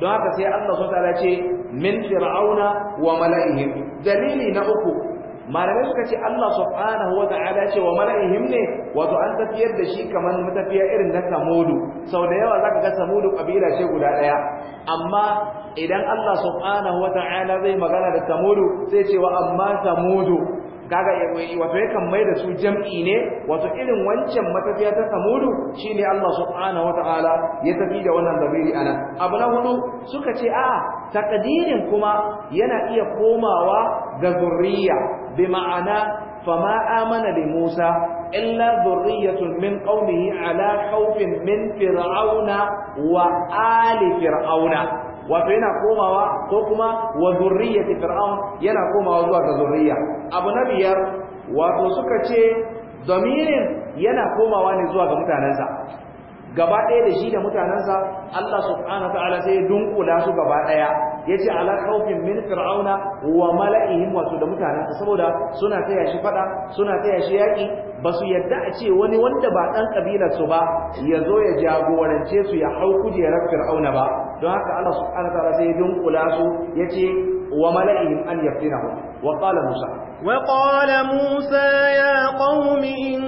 don haka sai Allah subhanahu wa ta'ala ce min fir'auna wa mala'ihim dalili na uku malamai suka ce Allah subhanahu wa ta'ala ce wa mala'ihim ne wato an tafiyar da shi kamar matafiya irin na samudu sau da yawa zaka ga samudu kabila ce guda daya amma idan Allah subhanahu wa ta'ala zai magana da samudu sai ce wa amma samudu kaga wato yakan mai da su jam'i ne wato irin wancan matafiya ta samudu shine Allah subhanahu wataala ya tafi da wannan dabiri anan abu na hudu suka ce a'a takdirin kuma yana iya komawa ga zurriya bi ma'ana fama amana li Musa illa zurriyatun min qaumihi ala khawfin min fir'auna wa ali fir'auna wato yana komawa ko kuma wa zurriyyati fir'aun yana komawa zuwa ga zurriya abu na biyar wato suka ce domin yana komawa ne zuwa ga mutanansa. gaba ɗaya da shi da mutanansa Allah subhanahu ta'ala sai ya dunkula su gaba ɗaya yace ala khawfin min fir'auna wa mala'ihim wato da mutanensa saboda suna taya shi fada suna taya shi yaki basu yadda a ce wani wanda ba dan kabilar su ba ya zo ya jagorance su ya hau kujerar fir'auna ba don haka Allah subhanahu wa sai ya dunkula su yace wa mala'ihim an yaftinahum wa qala musa wa qala musa ya qaumi in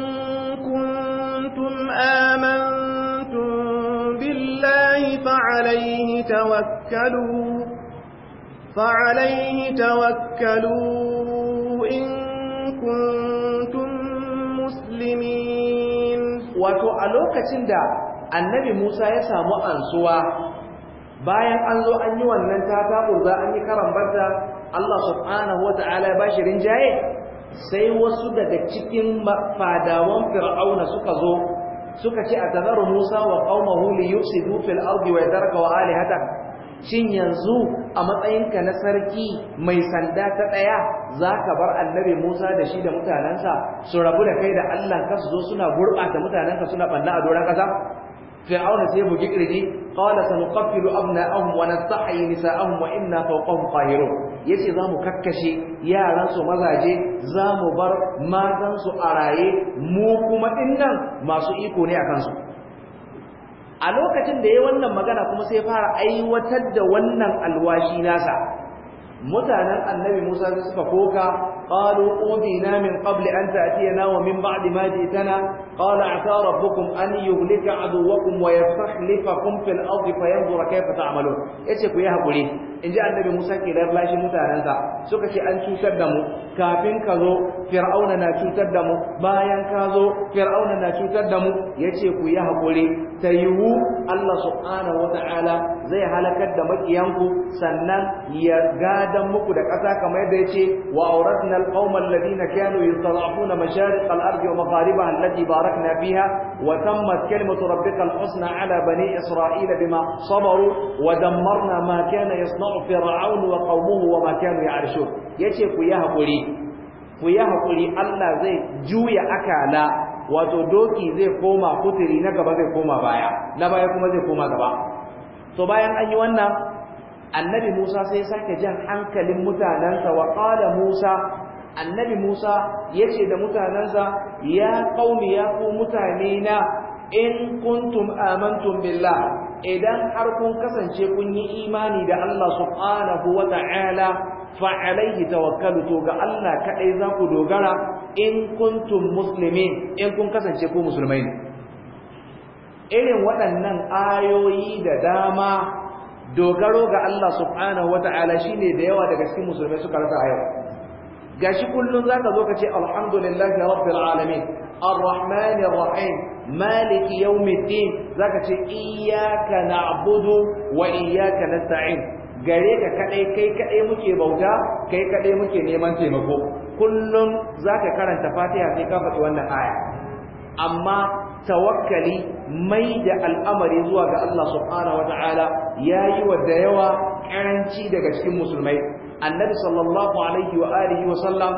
kuntum amantum billahi fa alayhi tawakkalu fa alayhi tawakkalu in kuntum muslimin wato a lokacin da annabi Musa ya samu ansuwa bayan an zo an yi wannan tata za an yi barta Allah subhanahu wa ta'ala ba shi rinjaye sai wasu daga cikin fadawan fir'auna suka zo suka ce a tazaru Musa wa qaumahu li yusidu fil ardi wa yadarka wa alihata shin yanzu a matsayinka na sarki mai sanda ta daya zaka bar annabi Musa da shi da mutanansa su rabu da kai da Allah ka su zo suna gurbata mutanensa suna banna a doran kasa fir'auna sai bugi kirji qala sanuqaffilu abna'ahum wa nastahyi nisa'ahum wa inna fawqahum qahirun yace zamu kakkashe yaransu su mazaje zamu bar matan a raye mu kuma dinnan masu iko ne a kansu. a lokacin da yayi wannan magana kuma sai fara aiwatar da wannan alwashi nasa mutanen annabi Musa suka koka qalu udina min qabli an ta'tiyana wa min ba'di ma ji'tana قال عسى ربكم أن يهلك عدوكم ويستخلفكم في الأرض فينظر كيف تعملون yace ku yi hakuri in ji annabi Musa ke lallashi mutanensa suka ce an cutar da mu kafin ka zo fir'auna na cutar da mu bayan ka zo fir'auna na cutar da mu yace ku yi hakuri ta yiwu Allah subhanahu wata'ala zai halakar da makiyanku sannan ya gadan muku da ƙasa kamar yadda yace wa auratna alqawma alladhina kanu yastad'afuna mashariq al-ardi wa magharibaha allati barak باركنا فيها وتمت كلمة ربك الحسنى على بني إسرائيل بما صبروا ودمرنا ما كان يصنع فرعون وقومه وما كانوا يعرشون يشي كويا هقولي كويا هقولي الله زي جويا أكالا wato doki zai koma kuturi na gaba zai koma baya na baya kuma zai koma gaba to bayan an yi wannan annabi Musa sai sake jan hankalin mutanansa wa da Musa annabi Musa ya ce da mutanensa ya qaumi ya ku mutane na in kuntum amantum billah idan har kun kasance kun yi imani da Allah subhanahu wa ta'ala fa alayhi tawakkalu to ga Allah kaɗai za ku dogara in kuntum muslimin in kun kasance ku musulmai ne irin waɗannan ayoyi da dama dogaro ga Allah subhanahu wa ta'ala shine da yawa daga cikin musulmai suka rasa a gashi kullun zaka zo ka ce alhamdulillahi rabbil alamin arrahmanir rahim maliki yawmiddin zaka ce iyyaka na'budu wa iyyaka nasta'in gare ka kadai kai kadai muke bauta kai kadai muke neman taimako kullun zaka karanta fatiha sai ka faɗi wannan aya amma tawakkali mai da al'amari zuwa ga Allah subhanahu wataala yayi wa da yawa karanci daga cikin musulmai annabi sallallahu alaihi wa alihi wa sallam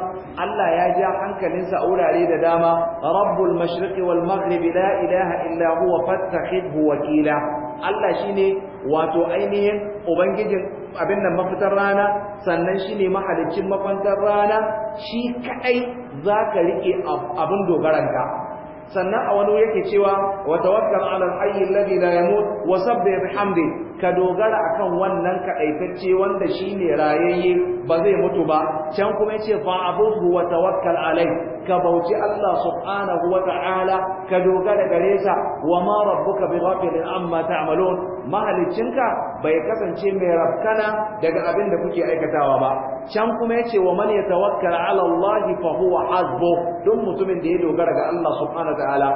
Allah ya ja hankalinsa a wurare da dama rabbul mashriqi wal maghribi la ilaha illa huwa fattakhidhu wakila Allah shine wato ainihin ubangijin abin nan mafitar rana sannan shine mahaliccin mafantar rana shi kadai zaka rike abin dogaranka sannan a wani yake cewa wata tawakkal ala al-hayy alladhi la yamut wa sabbih bihamdi ka dogara akan wannan kaɗaitacce wanda shi ne rayayye ba zai mutu ba can kuma yace fa abuhu wata tawakkal alai ka bauci Allah subhanahu wa ta'ala ka dogara gare sa wa ma rabbuka bighafilin amma ta'malun mahaliccinka bai kasance mai rafkana daga abin da kuke aikatawa ba can kuma yace wa man yatawakkal ala Allah fa huwa hasbu duk mutumin da ya dogara ga Allah subhanahu wa ta'ala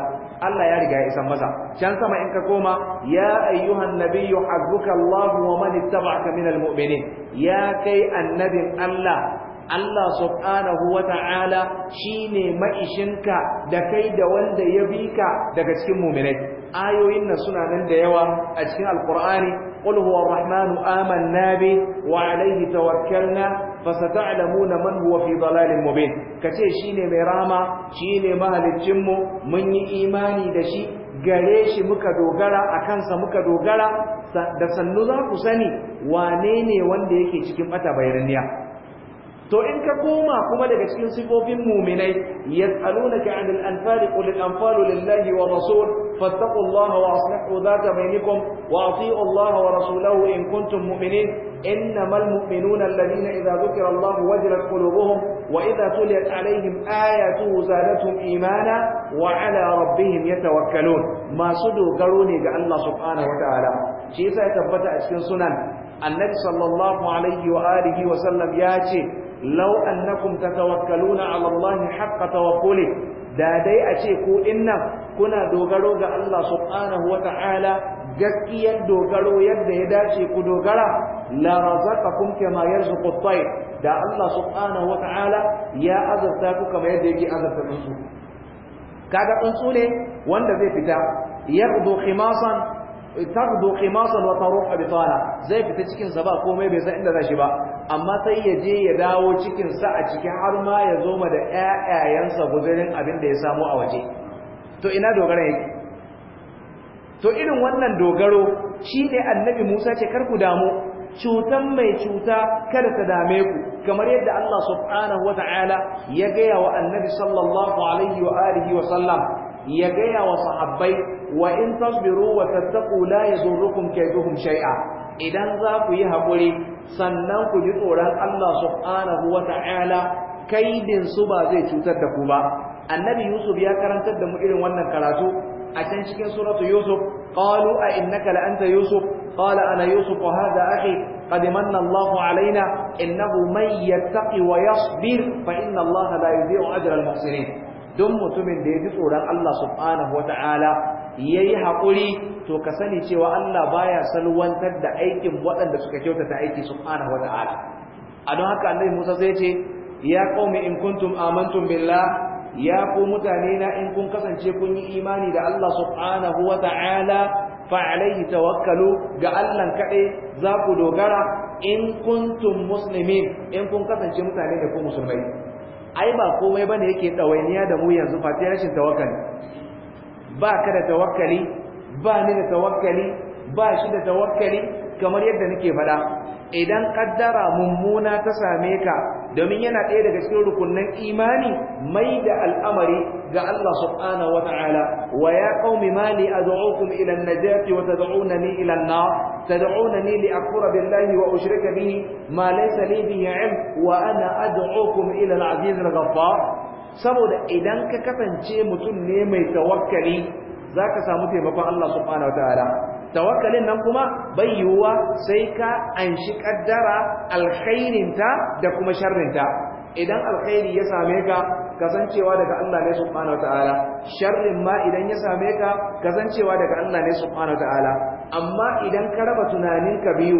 Allah ya riga ya isan masa can sama in ka koma ya ayyuhan nabiyyu hasbuka Allah wa man ittaba'aka minal mu'minin ya kai annabin Allah Allah subhanahu wa ta'ala shi ne ma'ishinka da kai da wanda ya bi ka daga cikin muminai. Ayoyin na suna nan da yawa a cikin Alƙur'ani, قل هو الرحمن آمنا به وعليه توكلنا fi zalalin هو ka ce shi ne mai rama, shi ne mu mun yi imani da shi gare shi muka dogara a kansa muka dogara da sannu za ku sani wane ne wanda yake cikin bata bayaniya to in ka koma kuma daga cikin sifofin muminai yas'alunaka 'anil anfali qul al-anfalu lillahi wa rasul fattaqullaha wa aslihu dhata bainakum wa ati'u allaha wa rasulahu in kuntum mu'minin innamal mu'minuna alladhina idha dhukira Allah wajilat qulubuhum wa idha tuliyat 'alayhim ayatuhu zadatuhum imana wa 'ala rabbihim yatawakkalun masu dogaro ne ga Allah subhanahu wa ta'ala shi yasa ya tabbata a cikin sunan annabi sallallahu alaihi wa alihi wa sallam ya ce law annakum tatawakkaluna ala Allah haqqa tawakkuli da dai a ce ku dinnan kuna dogaro ga Allah subhanahu wata'ala gaskiyar dogaro yadda ya dace ku dogara la razaqakum kama yarzuqu at-tayr da Allah subhanahu ya azarta ku kamar yadda yake azarta tsuntsu kaga tsuntsu ne wanda zai fita yaqdu khimasan taqdu qimasan wa taruh bitana zai fita cikin sa ba komai bai san inda za shi ba amma sai ya je ya dawo cikin sa a cikin har ma ya zo ma da ƴaƴayansa guzurin abin da ya samu a waje to ina dogaran yake to irin wannan dogaro shine annabi Musa ce kar ku damu cutan mai cuta kada ta dame ku kamar yadda Allah subhanahu wata'ala ya gaya wa annabi sallallahu alaihi wa alihi wa sallam ya gaya wa sahabbai wa in tasbiru wa tattaqu la yadurrukum kayduhum shay'a idan za ku yi haƙuri sannan ku ji tsoron Allah subhanahu wa ta'ala kaidin su ba zai cutar da ku ba annabi yusuf ya karantar da mu irin wannan karatu a can cikin suratu yusuf qalu a innaka la anta yusuf qala ana yusuf wa hadha akhi qad manna Allah alaina innahu man yattaqi wa yasbir fa inna Allah la yudhi'u ajra al-muhsinin duk mutumin da ya ji tsoron Allah subhanahu wa ta'ala yayi hakuri to ka sani cewa Allah baya salwantar da aikin waɗanda suka kyautata aiki subhanahu wata'ala a don haka annabi Musa sai ce ya qaumi in kuntum amantum billah ya ku mutane na in kun kasance kun yi imani da Allah subhanahu wata'ala fa alaihi tawakkalu ga Allah kaɗai za ku dogara in kuntum muslimin in kun kasance mutane da ku musulmai ai ba komai bane yake ɗawainiya da mu yanzu fa rashin tawakkali ba ka da tawakkali ba ni da tawakkali ba shi da tawakkali kamar yadda nake faɗa idan kaddara mummuna ta same ka domin yana ɗaya daga cikin rukunnan imani mai da al'amari ga Allah subhanahu wa ta'ala wa ya qaumi ma ad'ukum ila an-najati wa tad'unani ila an-nar tad'unani li akfura billahi wa ushrika bihi ma laysa li bihi 'ilm wa ana ad'ukum ila al-'aziz al-ghaffar saboda idan ka kasance mutum ne mai tawakkali za ka samu taimakon Allah subhanahu wataala tawakkalin nan kuma bai yiwuwa sai ka anshi kaddara alkhairinta da kuma sharrinta idan alkhairi ya same ka kasancewa daga Allah ne subhanahu wataala sharrin ma idan ya same ka kasancewa daga Allah ne subhanahu wataala amma idan ka raba tunaninka biyu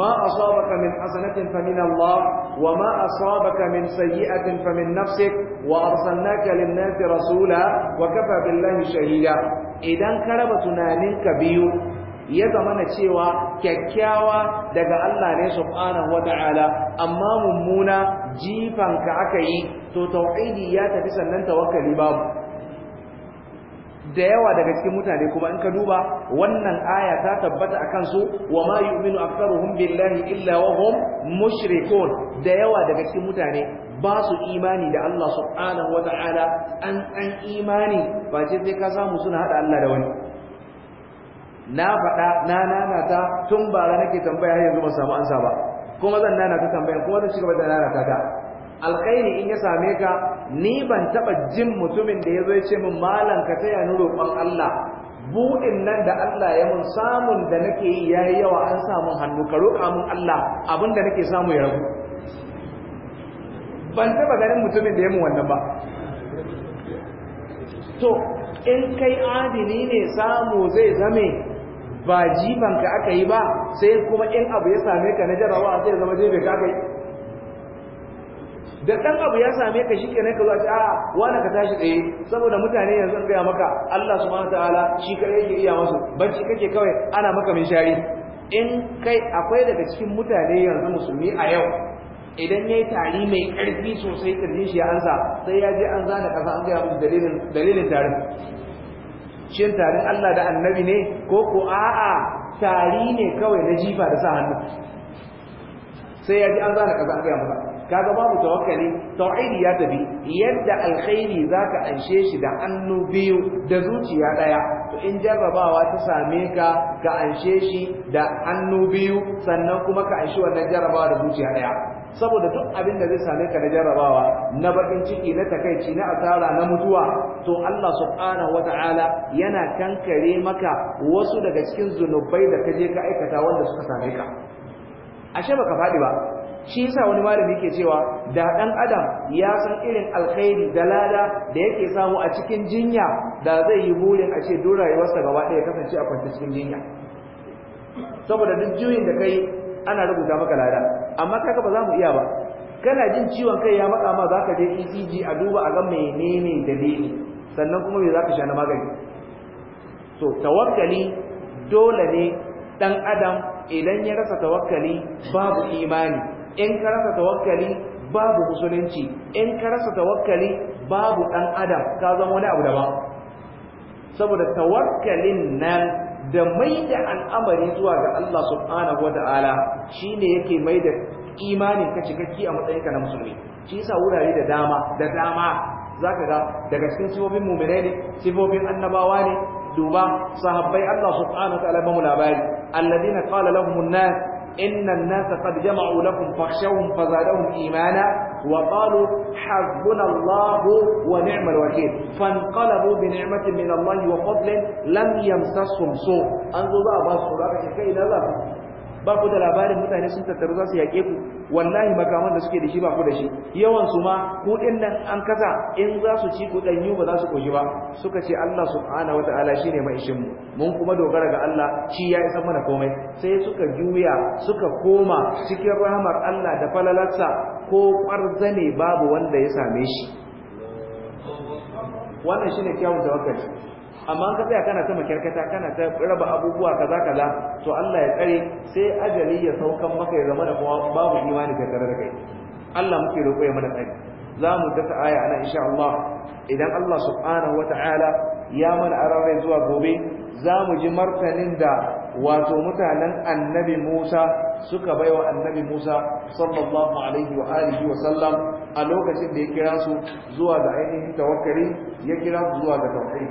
ma asabaka min hasanatin fa min Allah wa ma asabaka min sayyi'atin fa min nafsik wa arsalnaka lin-nasi rasula wa kafa billahi shahida idan ka raba tunaninka biyu ya zamana cewa kyakkyawa daga Allah ne subhanahu wata'ala amma mummuna jifanka aka yi to tauhidi ya tafi sannan tawakkali babu da yawa daga cikin mutane kuma in ka duba wannan aya ta tabbata a kansu wa ma yu'minu aktharuhum billahi illa wa hum mushrikun da yawa daga cikin mutane ba su imani da Allah subhanahu wa an an imani ba ce sai ka samu suna hada Allah da wani na faɗa na nanata tun bara nake tambaya yanzu ba samu ansa ba kuma zan nanata tambayan kuma zan shiga da nanata ta alkhairi in ya same ka ni ban taɓa jin mutumin da ya zo ya ce min malam ka taya ni roƙon Allah buɗin nan da Allah ya mun samun da nake yi yayi yawa an samu hannu ka roƙa mun Allah abin da nake samu ya rabu ban taɓa ganin mutumin da ya mun wannan ba to in kai adini ne samu zai zame ba ka aka yi ba sai kuma in abu ya same ka na jarawa sai zama jefe ka da ɗan abu ya same ka shi kenan ka zo ce a wani ka tashi tsaye saboda mutane yanzu an gaya maka Allah su mata ta'ala shi kadai yake iya masu banci kake kawai ana maka min shari in kai akwai daga cikin mutane yanzu musulmi a yau idan ya yi tari mai ƙarfi sosai kirjin shi ya ansa sai ya je an zana kasa an gaya musu dalilin dalilin tarin shin tarin Allah da annabi ne ko ko a'a tari ne kawai na jifa da sa hannu sai ya ji an zana kaza an gaya masa kaga babu tawakkali tauhidi ya tabi yadda alkhairi zaka anshe shi da hannu biyu da zuciya daya to in jarrabawa ta same ka ka anshe shi da hannu biyu sannan kuma ka anshi wannan jarrabawa da zuciya daya saboda duk abin da zai same ka na jarrabawa na bakin ciki na takaici na asara na mutuwa to Allah subhanahu wataala yana kankare maka wasu daga cikin zunubai da ka je ka aikata wanda suka same ka ashe baka faɗi ba shi yasa wani malami yake cewa da dan adam ya san irin alkhairi da lada da yake samu a cikin jinya da zai yi burin a ce duk rayuwarsa gaba ɗaya kasance a kwance cikin jinya saboda duk juyin da kai ana rubuta maka lada amma kaga ba za mu iya ba kana jin ciwon kai ya maka ma za ka je ECG a duba a ga menene dalili sannan kuma me zaka sha na magani so tawakkali dole ne dan adam idan ya rasa tawakkali babu imani in ka rasa tawakkali babu musulunci in ka rasa tawakkali babu dan adam ka zama wani abu daban saboda tawakkalin nan da mai da al'amari zuwa ga Allah subhanahu shi ne yake mai da imanin ka cikakki a matsayinka na musulmi shi yasa wurare da dama da dama zaka ga daga cikin sifofin mu'minai ne sifofin annabawa ne duba sahabbai Allah subhanahu Ta'ala ba mu labari alladina qala lahum nas إن الناس قد جمعوا لكم فاخشوهم فزادهم إيمانا وقالوا حسبنا الله ونعم الوكيل فانقلبوا بنعمة من الله وفضل لم يمسسهم سوء أنظروا بقى بصر كي نظر بقى ده لابارن متى نسيت الترزاس wallahi makaman da suke da shi ba ku da shi yawan su ma ku din nan an kasa in za su ci ku danyu ba za su koshi ba suka ce Allah subhanahu wataala shine mai ishin mu mun kuma dogara ga Allah shi ya isa mana komai sai suka juya suka koma cikin rahmar Allah da falalarsa ko kwarzane babu wanda ya same shi wannan shine kyawun tawakkali amma ka tsaya kana ta makarkata kana ta raba abubuwa kaza kaza to Allah ya tsare sai ajali ya saukan maka ya zama da babu imani ka tare da kai Allah muke roƙo ya mana tsari za mu daka aya ana insha Allah idan Allah subhanahu wata'ala ya mana ararai zuwa gobe za mu ji martanin da wato mutanen annabi Musa suka baiwa annabi Musa sallallahu alaihi wa alihi wa sallam a lokacin da ya kira su zuwa ga ainihin tawakkali ya kira su zuwa ga tauhid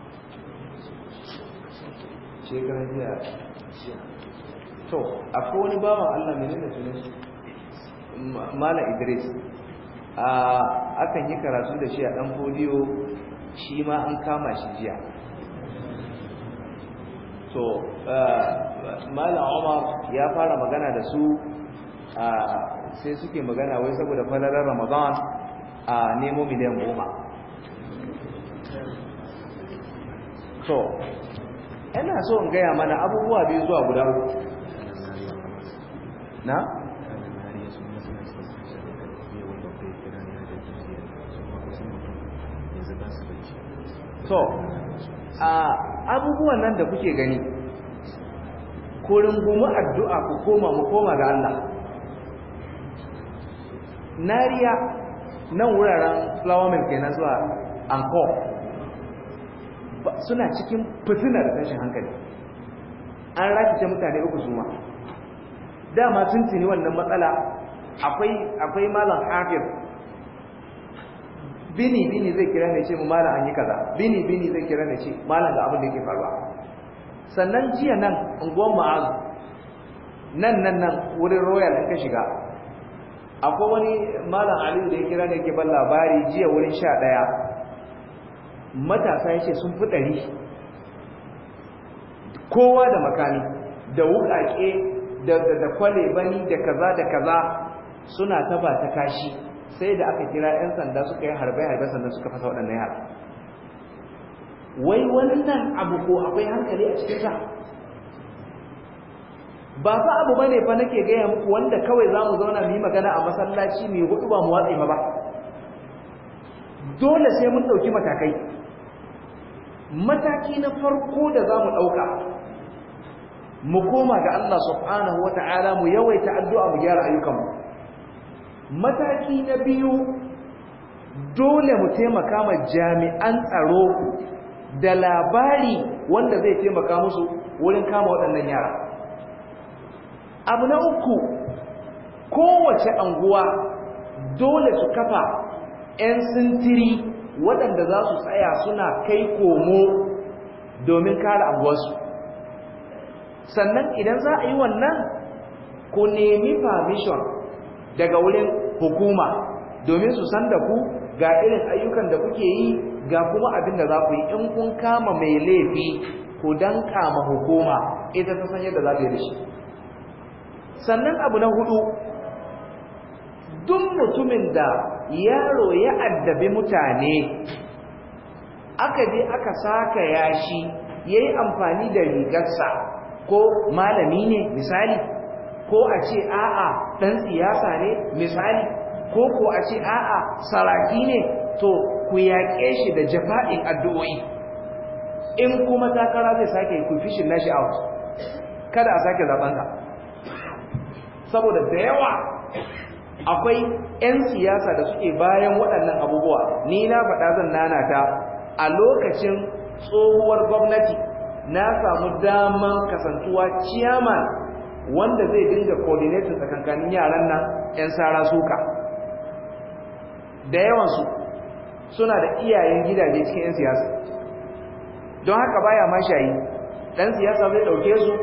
shekarar jiya to akwai wani bawan allah mai nuna tunan mala idris a akan yi karatu da shi a ɗan fodiyo shi ma an kama shi jiya to mala omar ya fara magana da su sai suke magana wai saboda falalar ramadan a nemo miliyan goma So, ina so in gaya mana abubuwa biyu zuwa guda na So, a abubuwan nan da kuke gani ko goma addu'a ku koma mu koma ga Allah nariya nan wuraren flower mill na zuwa encore? suna cikin fitinar tashin hankali an rakice mutane uku su dama sun tuni wannan matsala akwai akwai malam Hafir. bini bini zai kira ne ce mu malam an yi kaza bini bini zai kira ne ce malam ga abin da yake faruwa sannan jiya nan unguwan ma'azu nan nan nan wurin royal ka shiga akwai wani malam aliyu da ya kira ne ke ban labari jiya wurin sha ɗaya matasa ya ce sun fi ɗari kowa da makami da wuƙaƙe da kwale bani da kaza da kaza suna taba ta kashi sai da aka kira 'yan sanda suka yi harbe-harbe sannan suka fasa waɗannan yara wai wannan abu ko akwai hankali a cikinsa ba fa abu bane fa nake gaya muku wanda kawai za mu zauna mu yi magana a masallaci mai hudu ba mu watsa ba dole sai mun ɗauki matakai mataki na farko da za mu ɗauka mu koma ga Allah subhanahu ta'ala mu yawaita addu'a mu gyara ayyukanmu mataki na biyu dole mu taimaka ma jami'an tsaro da labari wanda zai taimaka musu wurin kama waɗannan yara abu na uku kowace anguwa dole su kafa 'yan sintiri waɗanda za su tsaya suna kai komo domin kare abuwarsu sannan idan za a yi wannan ku nemi permission daga wurin hukuma domin su san da ku ga irin ayyukan da kuke yi ga kuma abin da za ku yi in kun kama mai laifi ku dan kama hukuma ita ta san yadda za ta yi da shi sannan abu na hudu duk mutumin da yaro ya addabi mutane aka je aka saka yashi yayi amfani da rigarsa ko malami ne misali ko a ce a'a dan siyasa ne misali ko ko a ce a'a saraki ne to ku yaƙe shi da jafa'in addu'o'i in kuma takara zai sake ku fishin nashi out kada a sake zaben ka saboda da yawa akwai 'yan siyasa da suke bayan waɗannan abubuwa ni na faɗa zan nana ta a lokacin tsohuwar gwamnati na samu daman kasantuwa ciyaman wanda zai dinga coordinating tsakankanin yaran nan 'yan sara suka da yawansu suna da iyayen gidaje cikin 'yan siyasa don haka baya mashayi ɗan siyasa zai ɗauke su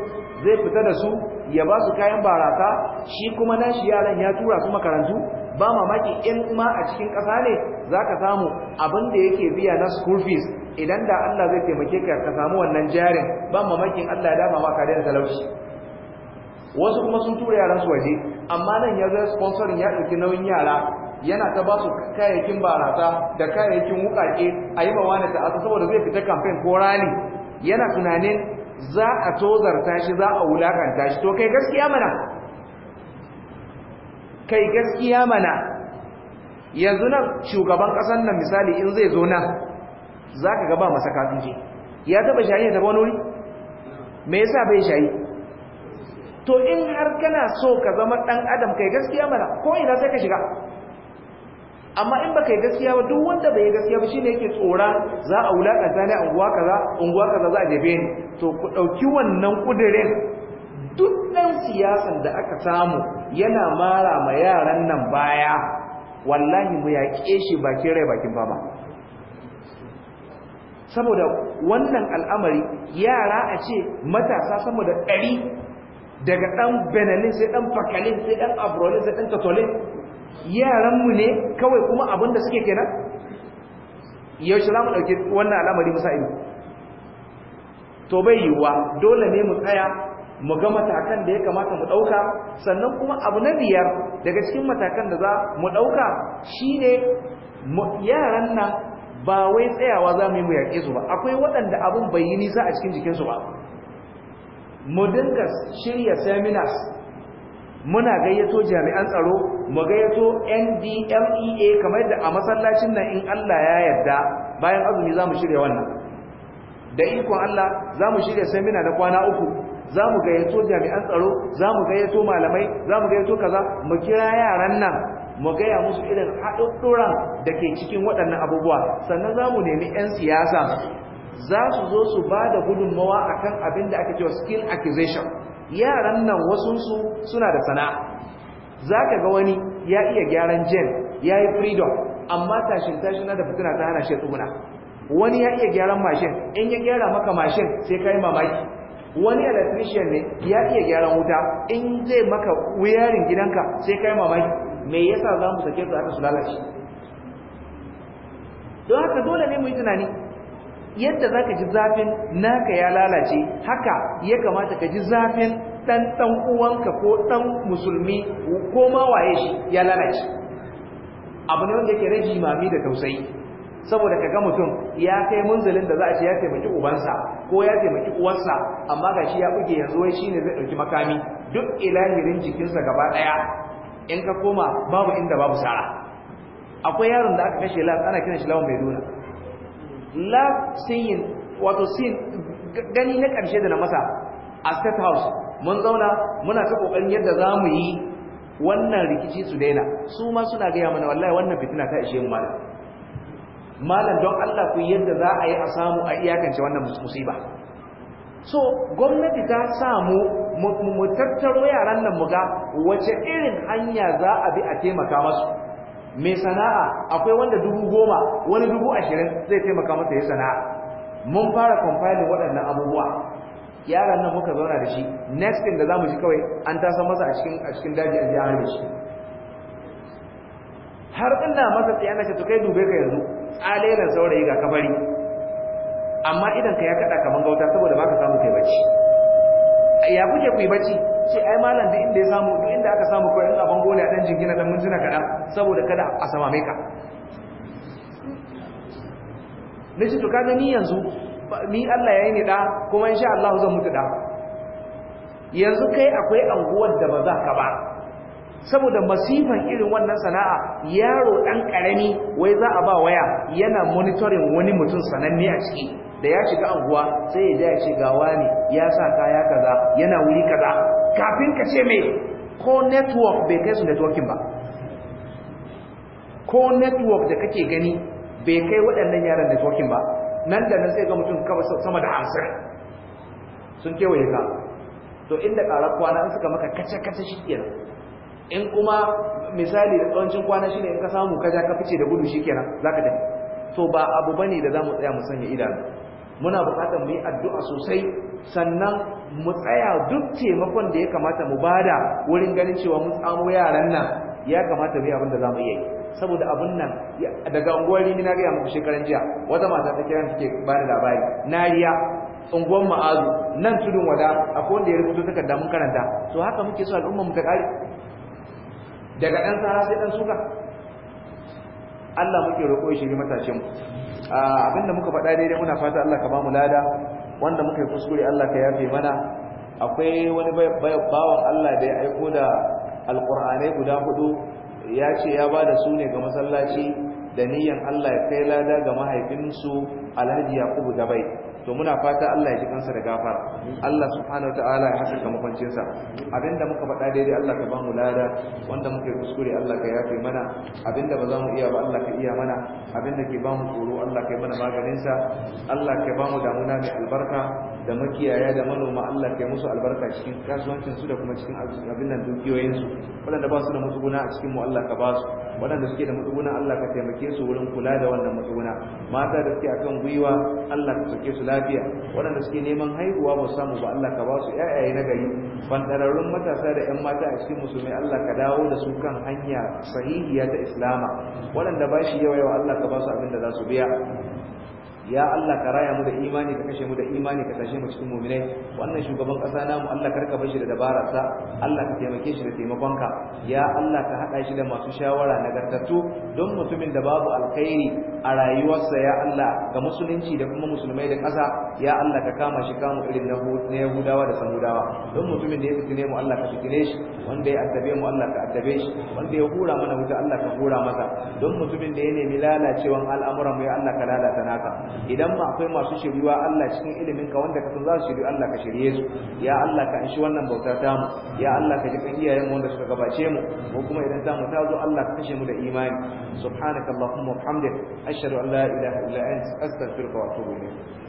zai fita da su ya ba su kayan barasa shi kuma na shi yaran ya tura su makarantu ba mamaki in ma a cikin ƙasa ne za ka samu abin da yake biya na school fees idan da Allah zai taimake ka ka samu wannan jarin ba mamakin Allah ya dama maka da talauci wasu kuma sun tura yaran su waje amma nan ya zai sponsorin ya ɗauki nauyin yara yana ta ba su kayayyakin barasa da kayayyakin wuƙaƙe a yi bawa na ta'asa saboda zai fita kamfen ko rali yana tunanin za a tozarta shi za a wulakanta shi to kai gaskiya mana kai gaskiya mana yanzu nan shugaban ƙasar nan misali in zai zo nan za ka gaba masa kafinci ya taba shayi ya taba nuri me yasa bai shayi to in har kana so ka zama ɗan adam kai gaskiya mana ko ina sai ka shiga amma in baka yi gaskiya ba duk wanda bai yi gaskiya ba shine yake tsora za a wulakanta ne unguwa kaza unguwa kaza za a jebe ni to ku dauki wannan kudirin duk dan siyasan da aka samu yana mara ma yaran nan baya wallahi mu yaƙe shi bakin rai bakin baba saboda wannan al'amari yara a ce matasa sama da ɗari daga ɗan benelin sai ɗan fakalin sai ɗan abrolin sai ɗan katolin yaranmu ne kawai kuma abin da suke kenan yaushe za mu ɗauki wannan al'amari musa ido to bai yiwuwa dole ne mu tsaya mu ga matakan da ya kamata mu ɗauka sannan kuma abu na biyar daga cikin matakan da za mu ɗauka shine yaran nan ba wai tsayawa za mu yi su ba akwai waɗanda abun bai yi nisa a cikin jikinsu ba mu dinga shirya seminars muna gayyato jami'an tsaro mu gayyato NDMEA kamar da a masallacin nan in Allah ya yarda bayan azumi zamu shirya wannan da ikon Allah zamu shirya seminar na kwana uku zamu gayyato jami'an tsaro zamu gayyato malamai zamu gayyato kaza mu kira yaran nan mu gaya musu irin haɗuɗɗuran da ke cikin waɗannan abubuwa sannan zamu nemi 'yan siyasa za su zo su ba da gudunmawa akan abin da ake cewa skill acquisition yaran nan wasunsu suna da sana'a za ka ga wani ya iya gyaran jen ya yi freedom amma tashin tashin na da fitina ta hana shi tsuguna wani ya iya gyaran mashin in ya gyara maka mashin sai ka yi mamaki wani electrician ne ya iya gyaran wuta in zai maka wuyarin gidanka sai ka yi mamaki me yasa za mu sake su haka su lalace don haka dole ne mu yi tunani yadda za ka ji zafin naka ya lalace haka ya kamata ka ji zafin ɗan ɗan uwanka ko ɗan musulmi ko ma waye shi ya lalace abu ne wanda yake rage mami da tausayi saboda ka ga mutum ya kai munzalin da za a ce ya taimaki ubansa ko ya taimaki uwarsa amma ga shi ya buge yanzu wai shine zai ɗauki makami duk ilahirin jikinsa gaba ɗaya in ka koma babu inda babu sara akwai yaron da aka kashe lafi ana kiran shi lawan mai duna la sayin wato sin gani na ƙarshe da na masa a state house mun zauna muna ta kokarin yadda za mu yi wannan rikici su daina su ma suna gaya mana wallahi wannan fitina ta ishe mu malam malam don Allah ku yadda za a yi a samu a iyakance wannan musiba so gwamnati ta samu mu tattaro yaran nan mu ga wace irin hanya za a bi a taimaka masu mai sana'a akwai wanda dubu goma wani dubu ashirin zai taimaka masa ya sana'a mun fara kwamfani waɗannan abubuwa yaran nan muka zauna da shi next thing da za mu ji kawai an tasa masa a cikin daji a jihar da shi har ina masa tsaye na ce to kai dube ka yanzu tsaleren saurayi ga kabari amma idan ka ya kaɗa kaman gauta saboda baka samu kai bacci ya kuke ku yi bacci ce ai malam duk inda ya samu duk inda aka samu kawai in a bango a dan jingina dan mintuna kaɗan saboda kada a sama mai ka na ce to ka ni yanzu ni Allah ya yi ni ɗa kuma sha Allah zan mutu ɗa yanzu kai akwai anguwar da ba za ka ba saboda masifan irin wannan sana'a yaro ɗan ƙarami wai za a ba waya yana monitorin wani mutum sananne a ciki da ya shiga anguwa sai ya ya ce gawa ne ya sa kaya kaza yana wuri kaza kafin ka ce mai ko network bai kai su networking ba ko network da kake gani bai kai waɗannan yaran networking ba nan da nan sai ga mutum kawai sama da hamsin sun kewaye ka to inda ƙarar kwana in suka maka kace-kace shi kenan in kuma misali da tsawancin kwana shi ne in ka samu kaja ka fice da gudu shi kenan za ka tafi to ba abu bane da za mu tsaya mu sanya idanu muna buƙatar mu yi addu'a sosai sannan mu tsaya duk taimakon da ya kamata mu bada wurin ganin cewa mun tsamo yaran nan ya kamata mu yi abin da za mu yi saboda abin nan daga unguwar na gaya muku shekaran jiya wata mata ta kiran take bani labari nariya unguwar ma'azu nan tudun wada akwai wanda ya rubuta takarda mun karanta to haka muke so al'ummar mu ta kare daga ɗan tsara sai ɗan suka Allah muke roƙo shi ne matashin mu Ah, abinda muka faɗa daidai muna fata Allah ka ba mu lada wanda muka yi kuskure Allah ka yafe mana akwai wani bawan Allah da ya aiko da alƙur'anai guda hudu ya ce ya ba da su ne ga masallaci da niyan Allah ya kai lada ga mahaifinsu Alhaji Yakubu bai to muna fata Allah ya ji kansa da gafara Allah subhanahu wataala ya haska makwancin sa abinda muka faɗa daidai Allah ka bamu lada wanda muka kuskure Allah ka yafe mana abinda ba za mu iya ba Allah ka iya mana abinda ke bamu tsoro Allah ka yi mana maganin sa Allah ka bamu damuna mai albarka da makiyaya da manoma Allah ka yi musu albarka cikin kasuwancin su da kuma cikin abin nan dukiyoyin su waɗanda ba su da musuguna a cikin mu Allah ka ba su waɗanda suke da matsuguna Allah ka taimake su wurin kula da wannan matsuguna mata da suke akan gwiwa Allah ka sake su lafiya waɗanda suke neman haihuwa ba samu ba Allah ka ba su ƴaƴaye na gari bandararrun matasa da ƴan mata a cikin musulmai Allah ka dawo da su kan hanya sahihiya ta Islama waɗanda ba shi yawa yawa Allah ka ba su abin da za su biya ya Allah ka raya mu da imani ka kashe mu da imani ka mu cikin mu'minai wannan shugaban kasa namu Allah karka bar shi da dabararsa Allah ka taimake shi da taimakonka ya Allah ka hada shi da masu shawara nagartattu don mutumin da babu alkhairi a rayuwarsa ya Allah ga musulunci da kuma musulmai da kasa ya Allah ka kama shi kama irin na Yahudawa da Samudawa don mutumin da ya fitine mu Allah ka fitine shi wanda ya addabe mu Allah ka addabe shi wanda ya hura mana wuta Allah ka hura masa don mutumin da ya nemi lalacewan al'amuran mu ya Allah ka lalata naka idan ma akwai masu shiriwa Allah cikin ilimin ka wanda ka san za su shiri Allah ka shirye su ya Allah ka anshi wannan bautar ta mu ya Allah ka jikan iyayen mu wanda suka gabace mu ko kuma idan mu ta zo Allah ka kashe mu da imani subhanakallahumma wa bihamdik ashhadu an la ilaha illa anta astaghfiruka wa atubu ilayk